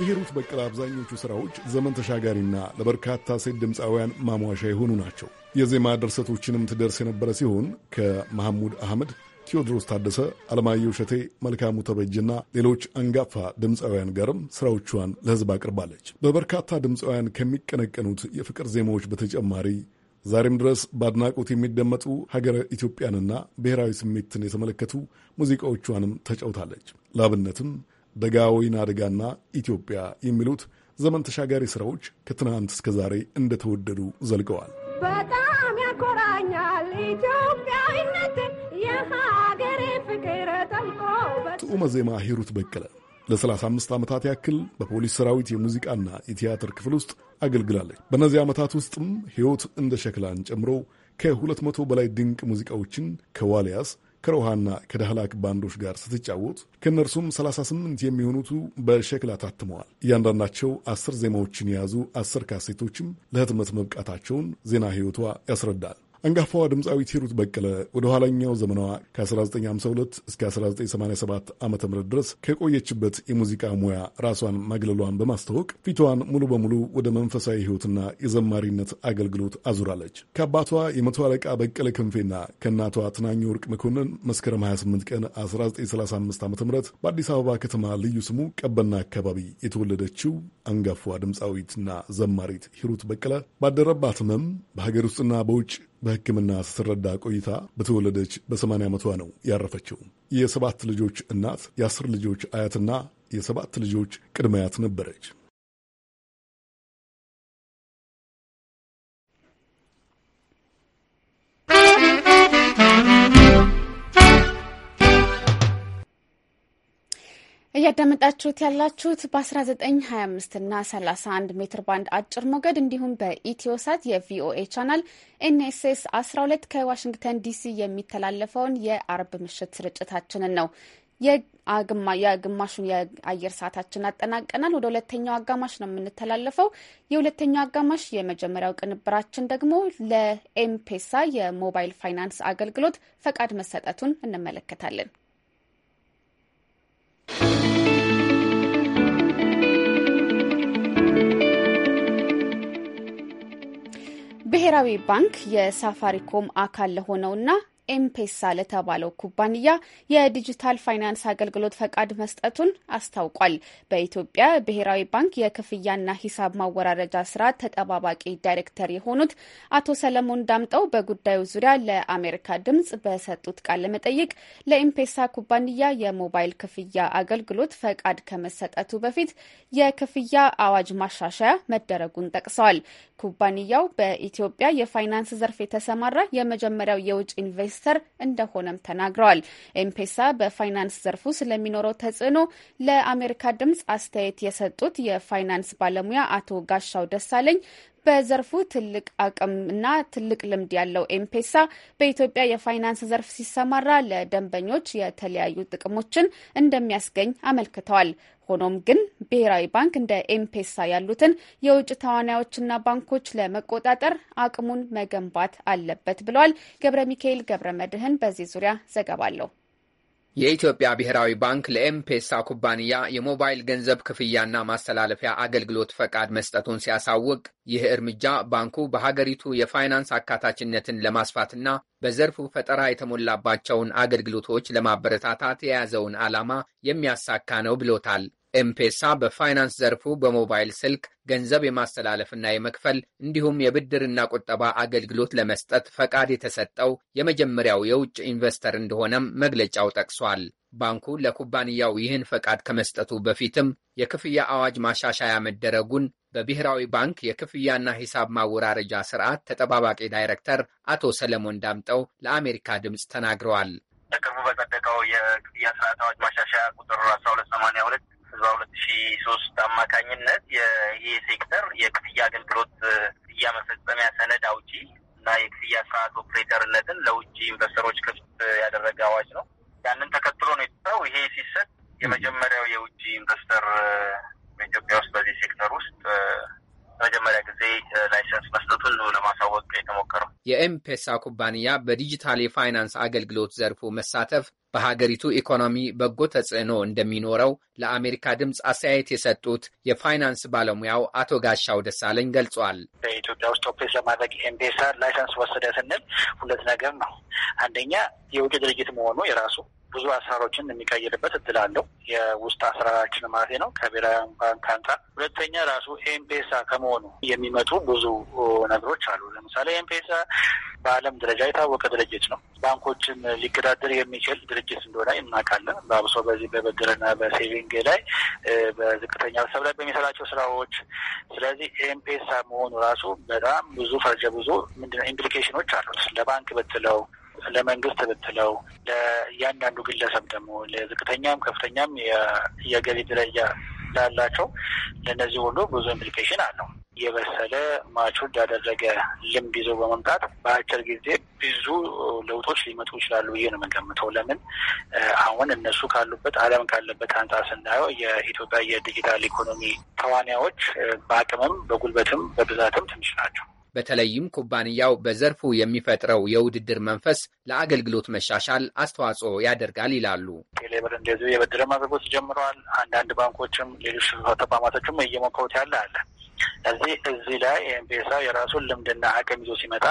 የሂሩት በቀለ አብዛኞቹ ሥራዎች ዘመን ተሻጋሪና ለበርካታ ሴት ድምፃውያን ማሟሻ የሆኑ ናቸው። የዜማ ድርሰቶችንም ትደርስ የነበረ ሲሆን ከመሐሙድ አህመድ ቴዎድሮስ ታደሰ፣ አለማየሁ እሸቴ፣ መልካሙ ተበጅና ሌሎች አንጋፋ ድምፃውያን ጋርም ስራዎቿን ለህዝብ አቅርባለች። በበርካታ ድምፃውያን ከሚቀነቀኑት የፍቅር ዜማዎች በተጨማሪ ዛሬም ድረስ በአድናቆት የሚደመጡ ሀገረ ኢትዮጵያንና ብሔራዊ ስሜትን የተመለከቱ ሙዚቃዎቿንም ተጫውታለች። ላብነትም ደጋ ወይን አደጋና ኢትዮጵያ የሚሉት ዘመን ተሻጋሪ ስራዎች ከትናንት እስከ ዛሬ እንደተወደዱ ዘልቀዋል። በጣም ያኮራኛል ኢትዮጵያዊነትን የሀገሬ ፍቅር ጠልቆ ዜማ ሂሩት በቀለ ለ35 ዓመታት ያክል በፖሊስ ሰራዊት የሙዚቃና የቲያትር ክፍል ውስጥ አገልግላለች። በእነዚህ ዓመታት ውስጥም ሕይወት እንደ ሸክላን ጨምሮ ከ200 በላይ ድንቅ ሙዚቃዎችን ከዋልያስ ከሮሃና ከዳህላክ ባንዶች ጋር ስትጫወት ከእነርሱም 38 የሚሆኑቱ በሸክላ ታትመዋል። እያንዳንዳቸው አስር ዜማዎችን የያዙ አስር ካሴቶችም ለህትመት መብቃታቸውን ዜና ሕይወቷ ያስረዳል። አንጋፋዋ ድምፃዊት ሂሩት በቀለ ወደ ኋላኛው ዘመናዋ ከ1952 እስከ 1987 ዓ ም ድረስ ከቆየችበት የሙዚቃ ሙያ ራሷን ማግለሏን በማስታወቅ ፊቷን ሙሉ በሙሉ ወደ መንፈሳዊ ሕይወትና የዘማሪነት አገልግሎት አዙራለች። ከአባቷ የመቶ አለቃ በቀለ ክንፌና ከእናቷ ትናኝ ወርቅ መኮንን መስከረም 28 ቀን 1935 ዓ ም በአዲስ አበባ ከተማ ልዩ ስሙ ቀበና አካባቢ የተወለደችው አንጋፋዋ ድምፃዊትና ዘማሪት ሂሩት በቀለ ባደረባት ህመም በሀገር ውስጥና በውጭ በሕክምና ስትረዳ ቆይታ በተወለደች በሰማንያ ዓመቷ ነው ያረፈችው። የሰባት ልጆች እናት፣ የአስር ልጆች አያትና የሰባት ልጆች ቅድመ አያት ነበረች። እያዳመጣችሁት ያላችሁት በ1925 እና 31 ሜትር ባንድ አጭር ሞገድ እንዲሁም በኢትዮሳት የቪኦኤ ቻናል ኤንኤስኤስ 12 ከዋሽንግተን ዲሲ የሚተላለፈውን የአርብ ምሽት ስርጭታችንን ነው። የግማሹን የአየር ሰዓታችን አጠናቀናል። ወደ ሁለተኛው አጋማሽ ነው የምንተላለፈው። የሁለተኛው አጋማሽ የመጀመሪያው ቅንብራችን ደግሞ ለኤምፔሳ የሞባይል ፋይናንስ አገልግሎት ፈቃድ መሰጠቱን እንመለከታለን። ብሔራዊ ባንክ የሳፋሪኮም አካል ለሆነውና ኤምፔሳ ለተባለው ኩባንያ የዲጂታል ፋይናንስ አገልግሎት ፈቃድ መስጠቱን አስታውቋል። በኢትዮጵያ ብሔራዊ ባንክ የክፍያና ሂሳብ ማወራረጃ ስራ ተጠባባቂ ዳይሬክተር የሆኑት አቶ ሰለሞን ዳምጠው በጉዳዩ ዙሪያ ለአሜሪካ ድምጽ በሰጡት ቃለ መጠይቅ ለኤምፔሳ ኩባንያ የሞባይል ክፍያ አገልግሎት ፈቃድ ከመሰጠቱ በፊት የክፍያ አዋጅ ማሻሻያ መደረጉን ጠቅሰዋል። ኩባንያው በኢትዮጵያ የፋይናንስ ዘርፍ የተሰማራ የመጀመሪያው የውጭ ኢንቨስት ሚኒስተር እንደሆነም ተናግረዋል። ኤምፔሳ በፋይናንስ ዘርፉ ስለሚኖረው ተጽዕኖ ለአሜሪካ ድምጽ አስተያየት የሰጡት የፋይናንስ ባለሙያ አቶ ጋሻው ደሳለኝ በዘርፉ ትልቅ አቅም እና ትልቅ ልምድ ያለው ኤምፔሳ በኢትዮጵያ የፋይናንስ ዘርፍ ሲሰማራ ለደንበኞች የተለያዩ ጥቅሞችን እንደሚያስገኝ አመልክተዋል። ሆኖም ግን ብሔራዊ ባንክ እንደ ኤምፔሳ ያሉትን የውጭ ተዋናዮችና ባንኮች ለመቆጣጠር አቅሙን መገንባት አለበት ብለዋል። ገብረ ሚካኤል ገብረ መድህን በዚህ ዙሪያ ዘገባ አለው። የኢትዮጵያ ብሔራዊ ባንክ ለኤምፔሳ ኩባንያ የሞባይል ገንዘብ ክፍያና ማስተላለፊያ አገልግሎት ፈቃድ መስጠቱን ሲያሳውቅ ይህ እርምጃ ባንኩ በሀገሪቱ የፋይናንስ አካታችነትን ለማስፋትና በዘርፉ ፈጠራ የተሞላባቸውን አገልግሎቶች ለማበረታታት የያዘውን ዓላማ የሚያሳካ ነው ብሎታል። ኤምፔሳ በፋይናንስ ዘርፉ በሞባይል ስልክ ገንዘብ የማስተላለፍና የመክፈል እንዲሁም የብድርና ቁጠባ አገልግሎት ለመስጠት ፈቃድ የተሰጠው የመጀመሪያው የውጭ ኢንቨስተር እንደሆነም መግለጫው ጠቅሷል። ባንኩ ለኩባንያው ይህን ፈቃድ ከመስጠቱ በፊትም የክፍያ አዋጅ ማሻሻያ መደረጉን በብሔራዊ ባንክ የክፍያና ሂሳብ ማወራረጃ ስርዓት ተጠባባቂ ዳይሬክተር አቶ ሰለሞን ዳምጠው ለአሜሪካ ድምፅ ተናግረዋል። በቅርቡ በጸደቀው የክፍያ ስርዓት አዋጅ ማሻሻያ ቁጥር 1282 ህዝባ ሁለት ሺ ሶስት አማካኝነት ይህ ሴክተር የክፍያ አገልግሎት ክፍያ መፈጸሚያ ሰነድ አውጪ እና የክፍያ ስርዓት ኦፕሬተርነትን ለውጭ ኢንቨስተሮች ክፍት ያደረገ አዋጅ ነው። ያንን ተከትሎ ነው የተሰራው። ይሄ ሲሰጥ የመጀመሪያው የውጭ ኢንቨስተር በኢትዮጵያ ውስጥ በዚህ ሴክተር ውስጥ መጀመሪያ ጊዜ ላይሰንስ መስጠቱን ለማሳወቅ የተሞከረው የኤምፔሳ ኩባንያ በዲጂታል የፋይናንስ አገልግሎት ዘርፉ መሳተፍ በሀገሪቱ ኢኮኖሚ በጎ ተጽዕኖ እንደሚኖረው ለአሜሪካ ድምፅ አስተያየት የሰጡት የፋይናንስ ባለሙያው አቶ ጋሻው ደሳለኝ ገልጿል። በኢትዮጵያ ውስጥ ኦፕሬት ለማድረግ ኤምፔሳ ላይሰንስ ወሰደ ስንል ሁለት ነገር ነው። አንደኛ የውጭ ድርጅት መሆኑ የራሱ ብዙ አሰራሮችን የሚቀይርበት እድል አለው። የውስጥ አሰራራችን ማለት ነው ከብሔራዊ ባንክ አንጻር። ሁለተኛ ራሱ ኤምፔሳ ከመሆኑ የሚመጡ ብዙ ነገሮች አሉ። ለምሳሌ ኤምፔሳ በዓለም ደረጃ የታወቀ ድርጅት ነው። ባንኮችን ሊገዳደር የሚችል ድርጅት እንደሆነ እናውቃለን። በአብሶ በዚህ በብድርና በሴቪንግ ላይ በዝቅተኛ ሰብ ላይ በሚሰራቸው ስራዎች። ስለዚህ ኤምፔሳ መሆኑ ራሱ በጣም ብዙ ፈርጀ ብዙ ምንድነው ኢምፕሊኬሽኖች አሉት ለባንክ ብትለው ለመንግስት ብትለው ለእያንዳንዱ ግለሰብ ደግሞ ለዝቅተኛም ከፍተኛም የገቢ ደረጃ ላላቸው ለእነዚህ ሁሉ ብዙ ኢምፕሊኬሽን አለው። የበሰለ ማቹር ያደረገ ልምድ ይዞ በመምጣት በአጭር ጊዜ ብዙ ለውጦች ሊመጡ ይችላሉ ብዬ ነው የምንገምተው። ለምን አሁን እነሱ ካሉበት ዓለም ካለበት አንጻር ስናየው የኢትዮጵያ የዲጂታል ኢኮኖሚ ተዋንያዎች በአቅምም በጉልበትም በብዛትም ትንሽ ናቸው። በተለይም ኩባንያው በዘርፉ የሚፈጥረው የውድድር መንፈስ ለአገልግሎት መሻሻል አስተዋጽኦ ያደርጋል ይላሉ። ቴሌብር እንደዚሁ የብድር አቅርቦት ጀምረዋል። አንዳንድ ባንኮችም ሌሎች ተቋማቶችም እየሞከሩት ያለ አለ። እዚህ እዚህ ላይ ኤምፔሳ የራሱን ልምድና አቅም ይዞ ሲመጣ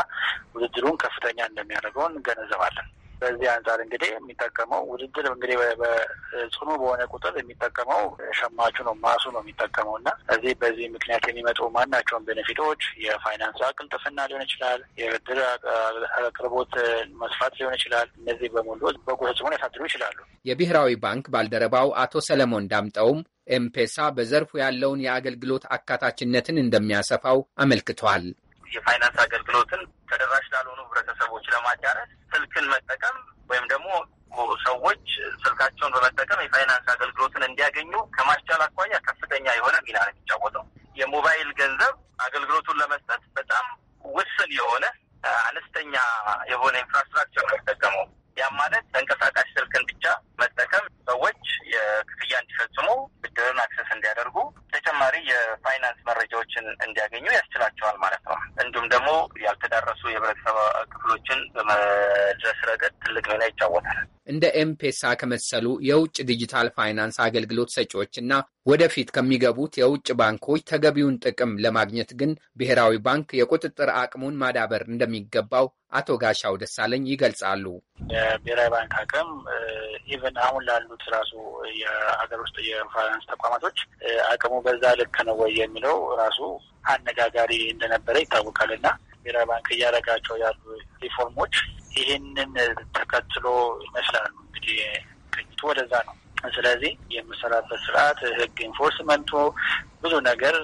ውድድሩን ከፍተኛ እንደሚያደርገው እንገነዘባለን። በዚህ አንጻር እንግዲህ የሚጠቀመው ውድድር እንግዲህ ጽኑ በሆነ ቁጥር የሚጠቀመው ሸማቹ ነው፣ ማሱ ነው የሚጠቀመው እና እዚህ በዚህ ምክንያት የሚመጡ ማናቸውን ቤኔፊቶች የፋይናንስ አቅልጥፍና ሊሆን ይችላል፣ የብድር አቅርቦት መስፋት ሊሆን ይችላል። እነዚህ በሙሉ በጎ ተጽዕኖ ያሳድሩ ይችላሉ። የብሔራዊ ባንክ ባልደረባው አቶ ሰለሞን ዳምጠውም ኤምፔሳ በዘርፉ ያለውን የአገልግሎት አካታችነትን እንደሚያሰፋው አመልክቷል። የፋይናንስ አገልግሎትን ተደራሽ ላልሆኑ ህብረተሰቦች ለማዳረስ ስልክን መጠቀም ወይም ደግሞ ሰዎች ስልካቸውን በመጠቀም የፋይናንስ አገልግሎትን እንዲያገኙ ከማስቻል አኳያ ከፍተኛ የሆነ ሚና ነው የሚጫወተው። የሞባይል ገንዘብ አገልግሎቱን ለመስጠት በጣም ውስን የሆነ አነስተኛ የሆነ ኢንፍራስትራክቸር ነው የሚጠቀመው። ያም ማለት ተንቀሳቃሽ ስልክን ብቻ መጠቀም ሰዎች የክፍያ እንዲፈጽሙ ብድርን አክሰስ እንዲያደርጉ ተጨማሪ የፋይናንስ መረጃዎችን እንዲያገኙ ያስችላቸዋል ማለት ነው። እንዲሁም ደግሞ ያልተዳረሱ የህብረተሰብ ክፍሎችን በመድረስ ረገድ ትልቅ ሚና ይጫወታል። እንደ ኤምፔሳ ከመሰሉ የውጭ ዲጂታል ፋይናንስ አገልግሎት ሰጪዎችና ወደፊት ከሚገቡት የውጭ ባንኮች ተገቢውን ጥቅም ለማግኘት ግን ብሔራዊ ባንክ የቁጥጥር አቅሙን ማዳበር እንደሚገባው አቶ ጋሻው ደሳለኝ ይገልጻሉ። የብሔራዊ ባንክ አቅም ኢቨን አሁን ላሉት ራሱ የሀገር ውስጥ የፋይናንስ ተቋማቶች አቅሙ በዛ ልክ ነው ወይ የሚለው ራሱ አነጋጋሪ እንደነበረ ይታወቃል እና ብሔራዊ ባንክ እያደረጋቸው ያሉ ሪፎርሞች ይህንን ተከትሎ ይመስላሉ እንግዲህ ቅኝቱ ወደዛ ነው። ስለዚህ የምሰራበት ስርዓት ህግ ኢንፎርስመንቱ ብዙ ነገር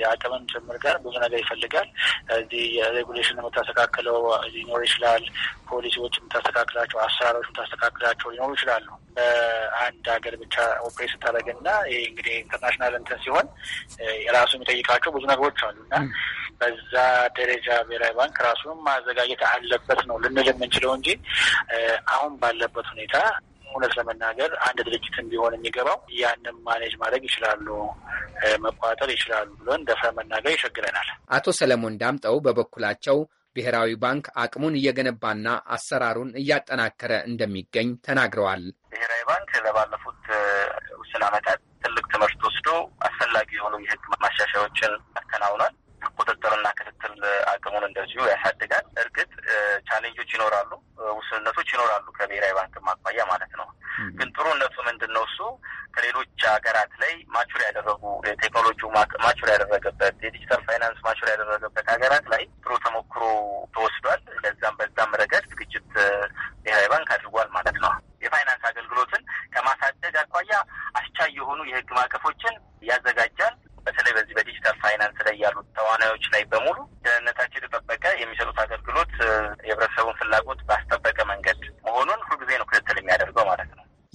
የአቅምም ጭምር ጋር ብዙ ነገር ይፈልጋል። እዚህ የሬጉሌሽን የምታስተካክለው ሊኖር ይችላል። ፖሊሲዎች የምታስተካክላቸው፣ አሰራሮች የምታስተካክላቸው ሊኖሩ ይችላሉ። በአንድ ሀገር ብቻ ኦፕሬት ስታደርግ እና ይህ እንግዲህ ኢንተርናሽናል እንትን ሲሆን ራሱ የሚጠይቃቸው ብዙ ነገሮች አሉ እና በዛ ደረጃ ብሔራዊ ባንክ ራሱን ማዘጋጀት አለበት ነው ልንል የምንችለው እንጂ አሁን ባለበት ሁኔታ እውነት ለመናገር አንድ ድርጅት ቢሆን የሚገባው ያንም ማኔጅ ማድረግ ይችላሉ፣ መቋጠር ይችላሉ ብሎን ደፍረን መናገር ይቸግረናል። አቶ ሰለሞን ዳምጠው በበኩላቸው ብሔራዊ ባንክ አቅሙን እየገነባና አሰራሩን እያጠናከረ እንደሚገኝ ተናግረዋል። ብሔራዊ ባንክ ለባለፉት ውስን ዓመታት ትልቅ ትምህርት ወስዶ አስፈላጊ የሆኑ የሕግ ማሻሻያዎችን አከናውኗል። ቁጥጥርና ክትትል አቅሙን እንደዚሁ ያሳድጋል። እርግጥ ቻሌንጆች ይኖራሉ፣ ውስንነቶች ይኖራሉ፣ ከብሔራዊ ባንክ አኳያ ማለት ነው። ግን ጥሩነቱ ምንድን ነው? እሱ ከሌሎች ሀገራት ላይ ማቹር ያደረጉ ቴክኖሎጂ ማቹር ያደረገበት የዲጂታል ፋይናንስ ማቹር ያደረገበት ሀገራት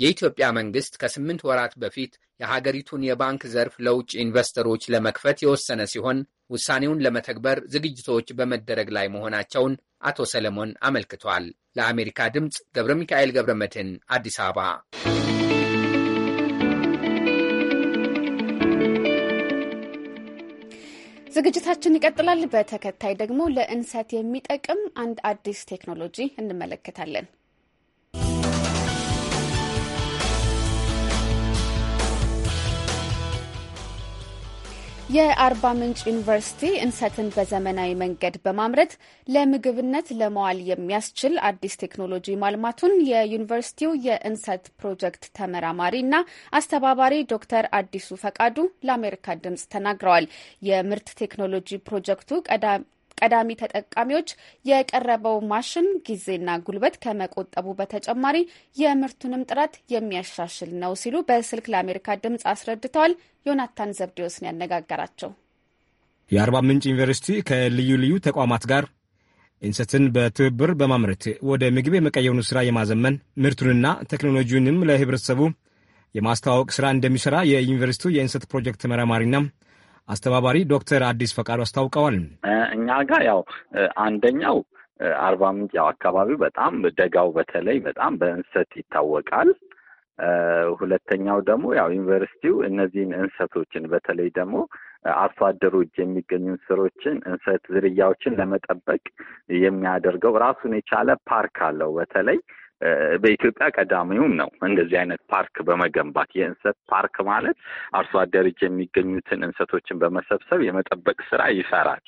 የኢትዮጵያ መንግስት ከስምንት ወራት በፊት የሀገሪቱን የባንክ ዘርፍ ለውጭ ኢንቨስተሮች ለመክፈት የወሰነ ሲሆን ውሳኔውን ለመተግበር ዝግጅቶች በመደረግ ላይ መሆናቸውን አቶ ሰለሞን አመልክቷል። ለአሜሪካ ድምፅ ገብረ ሚካኤል ገብረ መድህን አዲስ አበባ። ዝግጅታችን ይቀጥላል። በተከታይ ደግሞ ለእንሰት የሚጠቅም አንድ አዲስ ቴክኖሎጂ እንመለከታለን። የአርባ ምንጭ ዩኒቨርሲቲ እንሰትን በዘመናዊ መንገድ በማምረት ለምግብነት ለመዋል የሚያስችል አዲስ ቴክኖሎጂ ማልማቱን የዩኒቨርሲቲው የእንሰት ፕሮጀክት ተመራማሪ እና አስተባባሪ ዶክተር አዲሱ ፈቃዱ ለአሜሪካ ድምጽ ተናግረዋል። የምርት ቴክኖሎጂ ፕሮጀክቱ ቀዳሚ ተጠቃሚዎች የቀረበው ማሽን ጊዜና ጉልበት ከመቆጠቡ በተጨማሪ የምርቱንም ጥራት የሚያሻሽል ነው ሲሉ በስልክ ለአሜሪካ ድምፅ አስረድተዋል። ዮናታን ዘብዴዎስን ያነጋገራቸው የአርባ ምንጭ ዩኒቨርሲቲ ከልዩ ልዩ ተቋማት ጋር እንሰትን በትብብር በማምረት ወደ ምግብ የመቀየሩን ሥራ የማዘመን ምርቱንና ቴክኖሎጂውንም ለህብረተሰቡ የማስተዋወቅ ስራ እንደሚሰራ የዩኒቨርሲቲው የእንሰት ፕሮጀክት መራማሪና አስተባባሪ ዶክተር አዲስ ፈቃዱ አስታውቀዋል። እኛ ጋር ያው አንደኛው አርባ ምንጭ ያው አካባቢው በጣም ደጋው በተለይ በጣም በእንሰት ይታወቃል። ሁለተኛው ደግሞ ያው ዩኒቨርሲቲው እነዚህን እንሰቶችን በተለይ ደግሞ አርሶ አደሮች የሚገኙ ስሮችን እንሰት ዝርያዎችን ለመጠበቅ የሚያደርገው ራሱን የቻለ ፓርክ አለው። በተለይ በኢትዮጵያ ቀዳሚውም ነው እንደዚህ አይነት ፓርክ በመገንባት የእንሰት ፓርክ ማለት አርሶ አደር እጅ የሚገኙትን እንሰቶችን በመሰብሰብ የመጠበቅ ስራ ይሰራል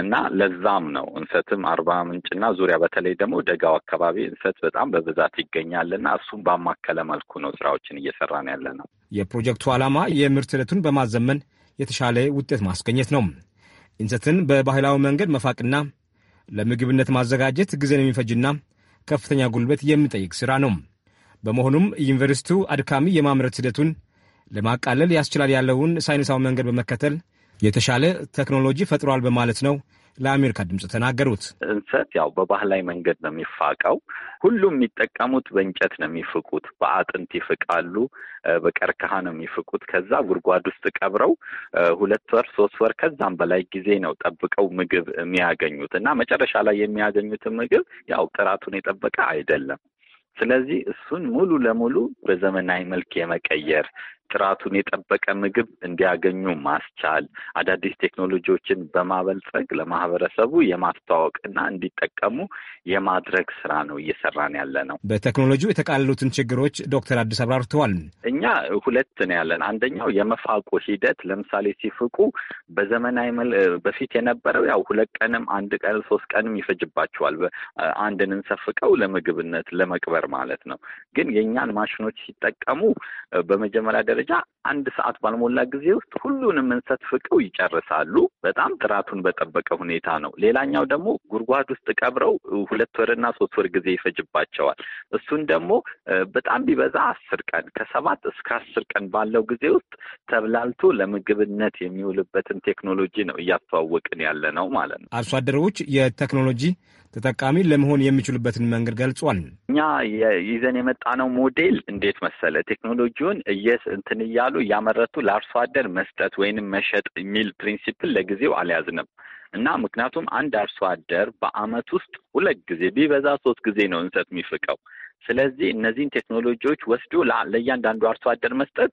እና ለዛም ነው እንሰትም አርባ ምንጭና ዙሪያ በተለይ ደግሞ ደጋው አካባቢ እንሰት በጣም በብዛት ይገኛል እና እሱም ባማከለ መልኩ ነው ስራዎችን እየሰራን ያለ ነው። የፕሮጀክቱ ዓላማ የምርት ዕለቱን በማዘመን የተሻለ ውጤት ማስገኘት ነው። እንሰትን በባህላዊ መንገድ መፋቅና ለምግብነት ማዘጋጀት ጊዜን የሚፈጅና ከፍተኛ ጉልበት የሚጠይቅ ሥራ ነው። በመሆኑም ዩኒቨርስቲው አድካሚ የማምረት ሂደቱን ለማቃለል ያስችላል ያለውን ሳይንሳዊ መንገድ በመከተል የተሻለ ቴክኖሎጂ ፈጥሯል በማለት ነው ለአሜሪካ ድምፅ ተናገሩት። እንሰት ያው በባህላዊ መንገድ ነው የሚፋቀው። ሁሉም የሚጠቀሙት በእንጨት ነው የሚፍቁት፣ በአጥንት ይፍቃሉ፣ በቀርከሃ ነው የሚፍቁት። ከዛ ጉድጓድ ውስጥ ቀብረው ሁለት ወር ሶስት ወር ከዛም በላይ ጊዜ ነው ጠብቀው ምግብ የሚያገኙት እና መጨረሻ ላይ የሚያገኙትን ምግብ ያው ጥራቱን የጠበቀ አይደለም። ስለዚህ እሱን ሙሉ ለሙሉ በዘመናዊ መልክ የመቀየር ጥራቱን የጠበቀ ምግብ እንዲያገኙ ማስቻል፣ አዳዲስ ቴክኖሎጂዎችን በማበልጸግ ለማህበረሰቡ የማስተዋወቅና እንዲጠቀሙ የማድረግ ስራ ነው እየሰራን ያለ ነው። በቴክኖሎጂው የተቃለሉትን ችግሮች ዶክተር አዲስ አብራርተዋል። እኛ ሁለት ነው ያለን። አንደኛው የመፋቆ ሂደት፣ ለምሳሌ ሲፍቁ በዘመናዊ በፊት የነበረው ያው ሁለት ቀንም አንድ ቀን ሶስት ቀንም ይፈጅባቸዋል አንድን እንሰፍቀው ለምግብነት ለመቅበር ማለት ነው። ግን የእኛን ማሽኖች ሲጠቀሙ በመጀመሪያ ደረጃ ደረጃ አንድ ሰዓት ባልሞላ ጊዜ ውስጥ ሁሉንም እንሰት ፍቀው ይጨርሳሉ። በጣም ጥራቱን በጠበቀ ሁኔታ ነው። ሌላኛው ደግሞ ጉድጓድ ውስጥ ቀብረው ሁለት ወርና ሶስት ወር ጊዜ ይፈጅባቸዋል። እሱን ደግሞ በጣም ቢበዛ አስር ቀን ከሰባት እስከ አስር ቀን ባለው ጊዜ ውስጥ ተብላልቶ ለምግብነት የሚውልበትን ቴክኖሎጂ ነው እያስተዋወቅን ያለ ነው ማለት ነው። አርሶ አደሮች የቴክኖሎጂ ተጠቃሚ ለመሆን የሚችሉበትን መንገድ ገልጿል። እኛ ይዘን የመጣ ነው ሞዴል እንዴት መሰለ ቴክኖሎጂውን እንትን እያሉ እያመረቱ ለአርሶ አደር መስጠት ወይንም መሸጥ የሚል ፕሪንሲፕል ለጊዜው አልያዝንም እና ምክንያቱም አንድ አርሶ አደር በአመት ውስጥ ሁለት ጊዜ ቢበዛ ሶስት ጊዜ ነው እንሰት የሚፍቀው ስለዚህ እነዚህን ቴክኖሎጂዎች ወስዶ ለእያንዳንዱ አርሶ አደር መስጠት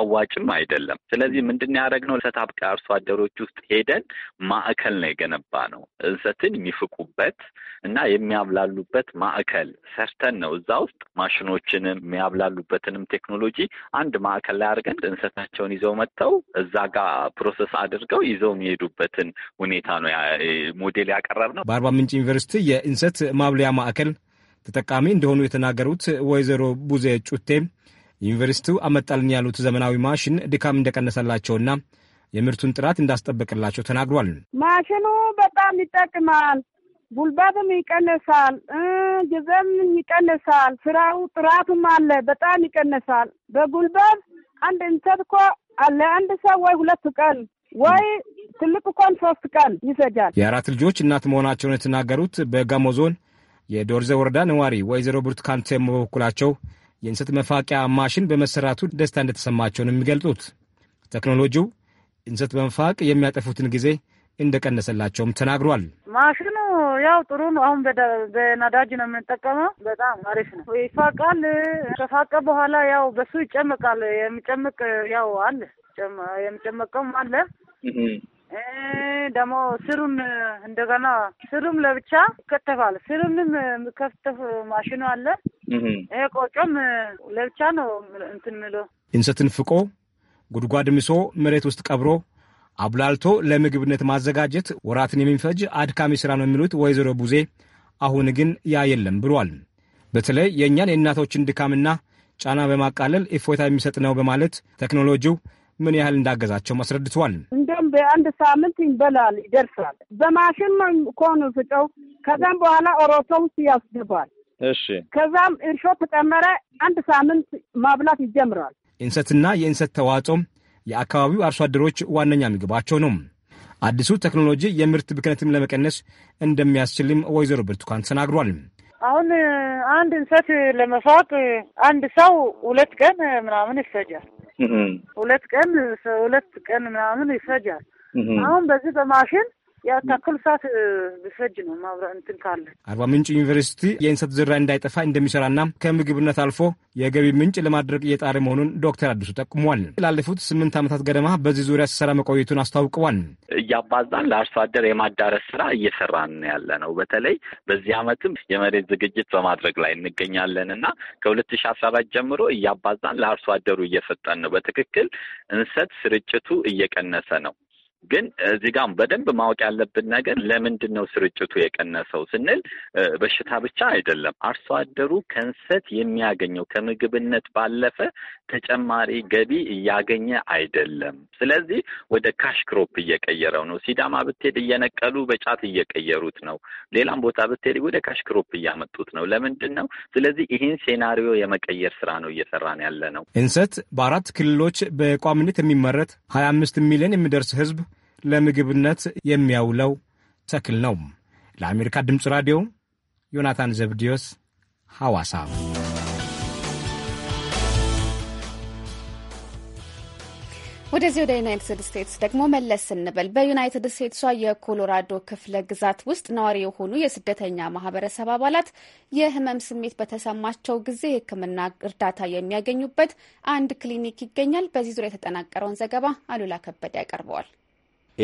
አዋጭም አይደለም። ስለዚህ ምንድን ያደረግነው ሰታብ አርሶ አደሮች ውስጥ ሄደን ማዕከል ነው የገነባ ነው እንሰትን የሚፍቁበት እና የሚያብላሉበት ማዕከል ሰርተን ነው እዛ ውስጥ ማሽኖችንም የሚያብላሉበትንም ቴክኖሎጂ አንድ ማዕከል ላይ አድርገን እንሰታቸውን ይዘው መጥተው እዛ ጋር ፕሮሰስ አድርገው ይዘው የሚሄዱበትን ሁኔታ ነው ሞዴል ያቀረብ ነው። በአርባ ምንጭ ዩኒቨርሲቲ የእንሰት ማብለያ ማዕከል ተጠቃሚ እንደሆኑ የተናገሩት ወይዘሮ ቡዜ ጩቴ ዩኒቨርሲቲው አመጣልን ያሉት ዘመናዊ ማሽን ድካም እንደቀነሰላቸውና የምርቱን ጥራት እንዳስጠበቅላቸው ተናግሯል። ማሽኑ በጣም ይጠቅማል። ጉልበትም ይቀንሳል፣ ጊዜም ይቀንሳል። ስራው ጥራቱም አለ በጣም ይቀንሳል። በጉልበት አንድ እንሰት እኮ አንድ ሰው ወይ ሁለት ቀን ወይ ትልቅ እንኳን ሶስት ቀን ይሰጃል የአራት ልጆች እናት መሆናቸውን የተናገሩት በጋሞ ዞን የዶርዘ ወረዳ ነዋሪ ወይዘሮ ብርቱካን ቴሞ በበኩላቸው የእንሰት መፋቂያ ማሽን በመሰራቱ ደስታ እንደተሰማቸው ነው የሚገልጡት። ቴክኖሎጂው እንሰት በመፋቅ የሚያጠፉትን ጊዜ እንደቀነሰላቸውም ተናግሯል። ማሽኑ ያው ጥሩ ነው። አሁን በነዳጅ ነው የምንጠቀመው። በጣም አሪፍ ነው። ይፋቃል። ከፋቀ በኋላ ያው በሱ ይጨምቃል። የሚጨምቅ ያው አለ የሚጨመቀም አለ ደግሞ ስሩን እንደገና ስሩም ለብቻ ይከተፋል። ስሩንም የሚከተፍ ማሽኑ አለ። ይሄ ቆጮም ለብቻ ነው እንትን ምሎ እንሰትን ፍቆ ጉድጓድ ምሶ መሬት ውስጥ ቀብሮ አብላልቶ ለምግብነት ማዘጋጀት ወራትን የሚፈጅ አድካሚ ስራ ነው የሚሉት ወይዘሮ ቡዜ፣ አሁን ግን ያ የለም ብሏል። በተለይ የእኛን የእናቶችን ድካምና ጫና በማቃለል እፎይታ የሚሰጥ ነው በማለት ቴክኖሎጂው ምን ያህል እንዳገዛቸው አስረድተዋል። እንደውም በአንድ ሳምንት ይበላል ይደርሳል። በማሽን ኮኑ ፍጨው ከዛም በኋላ ኦሮቶ ውስጥ ያስገባል። እሺ ከዛም እርሾ ተጨመረ። አንድ ሳምንት ማብላት ይጀምራል። እንሰትና የእንሰት ተዋጽኦም የአካባቢው አርሶ አደሮች ዋነኛ ምግባቸው ነው። አዲሱ ቴክኖሎጂ የምርት ብክነትም ለመቀነስ እንደሚያስችልም ወይዘሮ ብርቱካን ተናግሯል። አሁን አንድ እንሰት ለመፋቅ አንድ ሰው ሁለት ቀን ምናምን ይፈጃል። ሁለት ቀን ሁለት ቀን ምናምን ይፈጃል። አሁን በዚህ በማሽን ያው ታክል ሰዓት ብፈጅ ነው ማብራ እንትን ካለ አርባ ምንጭ ዩኒቨርሲቲ የእንሰት ዝርያ እንዳይጠፋ እንደሚሰራና ከምግብነት አልፎ የገቢ ምንጭ ለማድረግ እየጣረ መሆኑን ዶክተር አዲሱ ጠቁሟል። ላለፉት ስምንት ዓመታት ገደማ በዚህ ዙሪያ ሲሰራ መቆየቱን አስታውቀዋል። እያባዛን ለአርሶ አደር የማዳረስ ስራ እየሰራን ያለ ነው። በተለይ በዚህ ዓመትም የመሬት ዝግጅት በማድረግ ላይ እንገኛለን እና ከሁለት ሺ አስራ አራት ጀምሮ እያባዛን ለአርሶ አደሩ እየሰጠን ነው። በትክክል እንሰት ስርጭቱ እየቀነሰ ነው። ግን እዚህ ጋር በደንብ ማወቅ ያለብን ነገር ለምንድን ነው ስርጭቱ የቀነሰው ስንል በሽታ ብቻ አይደለም። አርሶ አደሩ ከእንሰት የሚያገኘው ከምግብነት ባለፈ ተጨማሪ ገቢ እያገኘ አይደለም። ስለዚህ ወደ ካሽ ክሮፕ እየቀየረው ነው። ሲዳማ ብትሄድ እየነቀሉ በጫት እየቀየሩት ነው። ሌላም ቦታ ብትሄድ ወደ ካሽ ክሮፕ እያመጡት ነው። ለምንድን ነው? ስለዚህ ይህን ሴናሪዮ የመቀየር ስራ ነው እየሰራን ያለ ነው። እንሰት በአራት ክልሎች በቋምነት የሚመረት ሀያ አምስት ሚሊዮን የሚደርስ ህዝብ ለምግብነት የሚያውለው ተክል ነው። ለአሜሪካ ድምፅ ራዲዮ ዮናታን ዘብዲዮስ ሐዋሳ ወደዚህ ወደ ዩናይትድ ስቴትስ ደግሞ መለስ ስንበል በዩናይትድ ስቴትሷ የኮሎራዶ ክፍለ ግዛት ውስጥ ነዋሪ የሆኑ የስደተኛ ማህበረሰብ አባላት የህመም ስሜት በተሰማቸው ጊዜ የሕክምና እርዳታ የሚያገኙበት አንድ ክሊኒክ ይገኛል። በዚህ ዙሪያ የተጠናቀረውን ዘገባ አሉላ ከበደ ያቀርበዋል።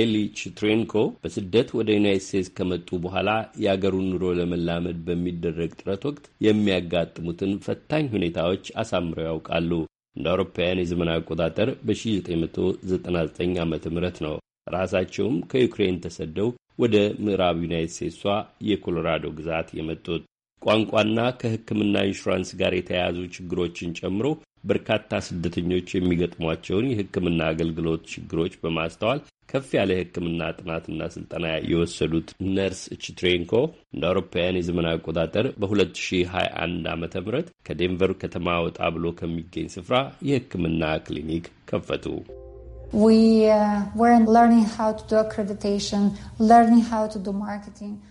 ኤሊ ችትሬንኮ በስደት ወደ ዩናይት ስቴትስ ከመጡ በኋላ የአገሩን ኑሮ ለመላመድ በሚደረግ ጥረት ወቅት የሚያጋጥሙትን ፈታኝ ሁኔታዎች አሳምረው ያውቃሉ። እንደ አውሮፓውያን የዘመን አቆጣጠር በ1999 ዓ ም ነው ራሳቸውም ከዩክሬን ተሰደው ወደ ምዕራብ ዩናይት ስቴትሷ የኮሎራዶ ግዛት የመጡት ቋንቋና ከሕክምና ኢንሹራንስ ጋር የተያያዙ ችግሮችን ጨምሮ በርካታ ስደተኞች የሚገጥሟቸውን የሕክምና አገልግሎት ችግሮች በማስተዋል ከፍ ያለ ሕክምና ጥናትና ስልጠና የወሰዱት ነርስ ችትሬንኮ እንደ አውሮፓውያን የዘመን አቆጣጠር በ2021 ዓ ም ከዴንቨር ከተማ ወጣ ብሎ ከሚገኝ ስፍራ የሕክምና ክሊኒክ ከፈቱ። Uh,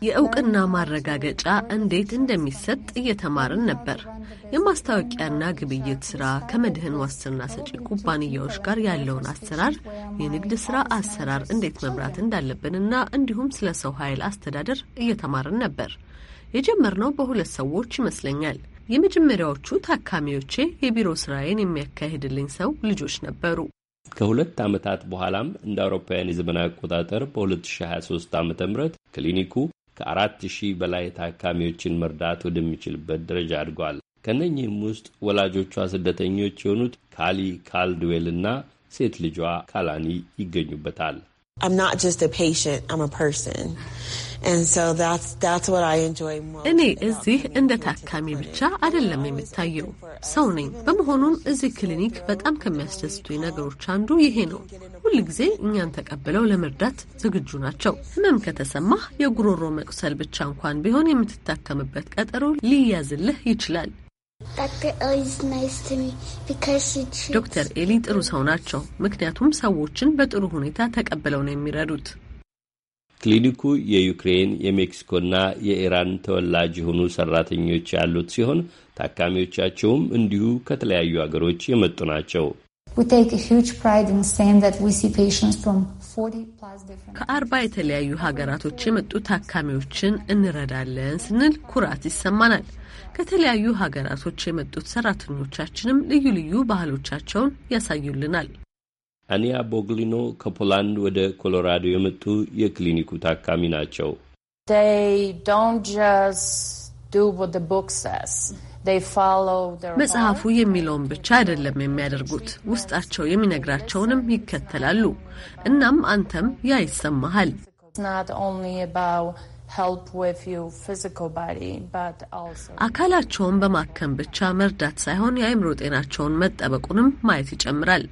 የእውቅና ማረጋገጫ እንዴት እንደሚሰጥ እየተማርን ነበር። የማስታወቂያና ግብይት ስራ፣ ከመድህን ዋስትና ሰጪ ኩባንያዎች ጋር ያለውን አሰራር፣ የንግድ ስራ አሰራር እንዴት መምራት እንዳለብንና እንዲሁም ስለ ሰው ኃይል አስተዳደር እየተማርን ነበር። የጀመርነው በሁለት ሰዎች ይመስለኛል። የመጀመሪያዎቹ ታካሚዎቼ የቢሮ ስራዬን የሚያካሂድልኝ ሰው ልጆች ነበሩ። ከሁለት ዓመታት በኋላም እንደ አውሮፓውያን የዘመን አቆጣጠር በ2023 ዓ ም ክሊኒኩ ከ ሺህ በላይ ታካሚዎችን መርዳት ወደሚችልበት ደረጃ አድጓል። ከእነኚህም ውስጥ ወላጆቿ ስደተኞች የሆኑት ካሊ ካልድዌል እና ሴት ልጇ ካላኒ ይገኙበታል። I'm not just a patient, I'm a person. እኔ እዚህ እንደ ታካሚ ብቻ አይደለም የምታየው፣ uh, ሰው ነኝ። በመሆኑም እዚህ ክሊኒክ በጣም ከሚያስደስቱኝ ነገሮች አንዱ ይሄ ነው። ሁል ጊዜ እኛን ተቀብለው ለመርዳት ዝግጁ ናቸው። ህመም ከተሰማህ የጉሮሮ መቁሰል ብቻ እንኳን ቢሆን የምትታከምበት ቀጠሮ ሊያዝልህ ይችላል። ዶክተር ኤሊ ጥሩ ሰው ናቸው፣ ምክንያቱም ሰዎችን በጥሩ ሁኔታ ተቀብለው ነው የሚረዱት። ክሊኒኩ የዩክሬን የሜክሲኮና የኢራን ተወላጅ የሆኑ ሰራተኞች ያሉት ሲሆን ታካሚዎቻቸውም እንዲሁ ከተለያዩ ሀገሮች የመጡ ናቸው። ከአርባ የተለያዩ ሀገራቶች የመጡ ታካሚዎችን እንረዳለን ስንል ኩራት ይሰማናል። ከተለያዩ ሀገራቶች የመጡት ሰራተኞቻችንም ልዩ ልዩ ባህሎቻቸውን ያሳዩልናል። አኒያ ቦግሊኖ ከፖላንድ ወደ ኮሎራዶ የመጡ የክሊኒኩ ታካሚ ናቸው። መጽሐፉ የሚለውን ብቻ አይደለም የሚያደርጉት፣ ውስጣቸው የሚነግራቸውንም ይከተላሉ። እናም አንተም ያ ይሰማሃል። አካላቸውን በማከም ብቻ መርዳት ሳይሆን የአእምሮ ጤናቸውን መጠበቁንም ማየት ይጨምራል።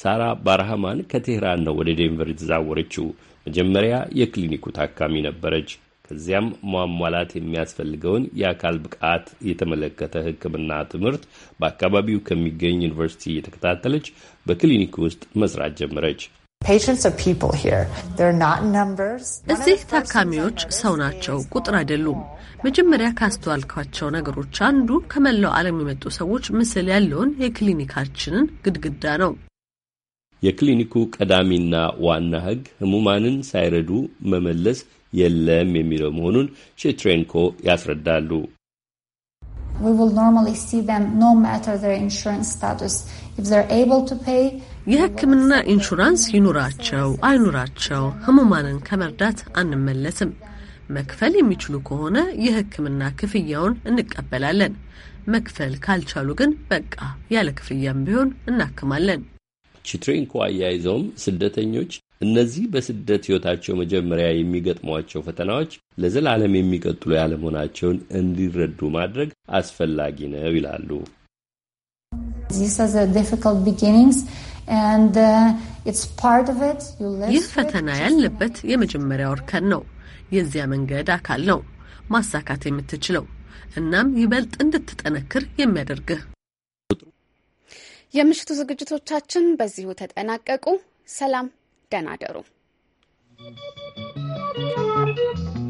ሳራ ባርሃማን ከቴህራን ነው ወደ ዴንቨር የተዛወረችው። መጀመሪያ የክሊኒኩ ታካሚ ነበረች። ከዚያም ሟሟላት የሚያስፈልገውን የአካል ብቃት የተመለከተ ሕክምና ትምህርት በአካባቢው ከሚገኝ ዩኒቨርሲቲ የተከታተለች በክሊኒክ ውስጥ መስራት ጀመረች። እዚህ ታካሚዎች ሰው ናቸው፣ ቁጥር አይደሉም። መጀመሪያ ካስተዋልኳቸው ነገሮች አንዱ ከመላው ዓለም የመጡ ሰዎች ምስል ያለውን የክሊኒካችንን ግድግዳ ነው። የክሊኒኩ ቀዳሚና ዋና ህግ ህሙማንን ሳይረዱ መመለስ የለም የሚለው መሆኑን ሼትሬንኮ ያስረዳሉ። የህክምና ኢንሹራንስ ይኑራቸው አይኑራቸው ህሙማንን ከመርዳት አንመለስም። መክፈል የሚችሉ ከሆነ የህክምና ክፍያውን እንቀበላለን። መክፈል ካልቻሉ ግን በቃ ያለ ክፍያም ቢሆን እናክማለን። ቺትሬንኮ አያይዘውም ስደተኞች እነዚህ በስደት ሕይወታቸው መጀመሪያ የሚገጥሟቸው ፈተናዎች ለዘላለም የሚቀጥሉ ያለመሆናቸውን እንዲረዱ ማድረግ አስፈላጊ ነው ይላሉ። uh, ይህ ፈተና ያለበት የመጀመሪያው እርከን ነው። የዚያ መንገድ አካል ነው ማሳካት የምትችለው እናም ይበልጥ እንድትጠነክር የሚያደርግህ የምሽቱ ዝግጅቶቻችን በዚሁ ተጠናቀቁ። ሰላም፣ ደህና ደሩ።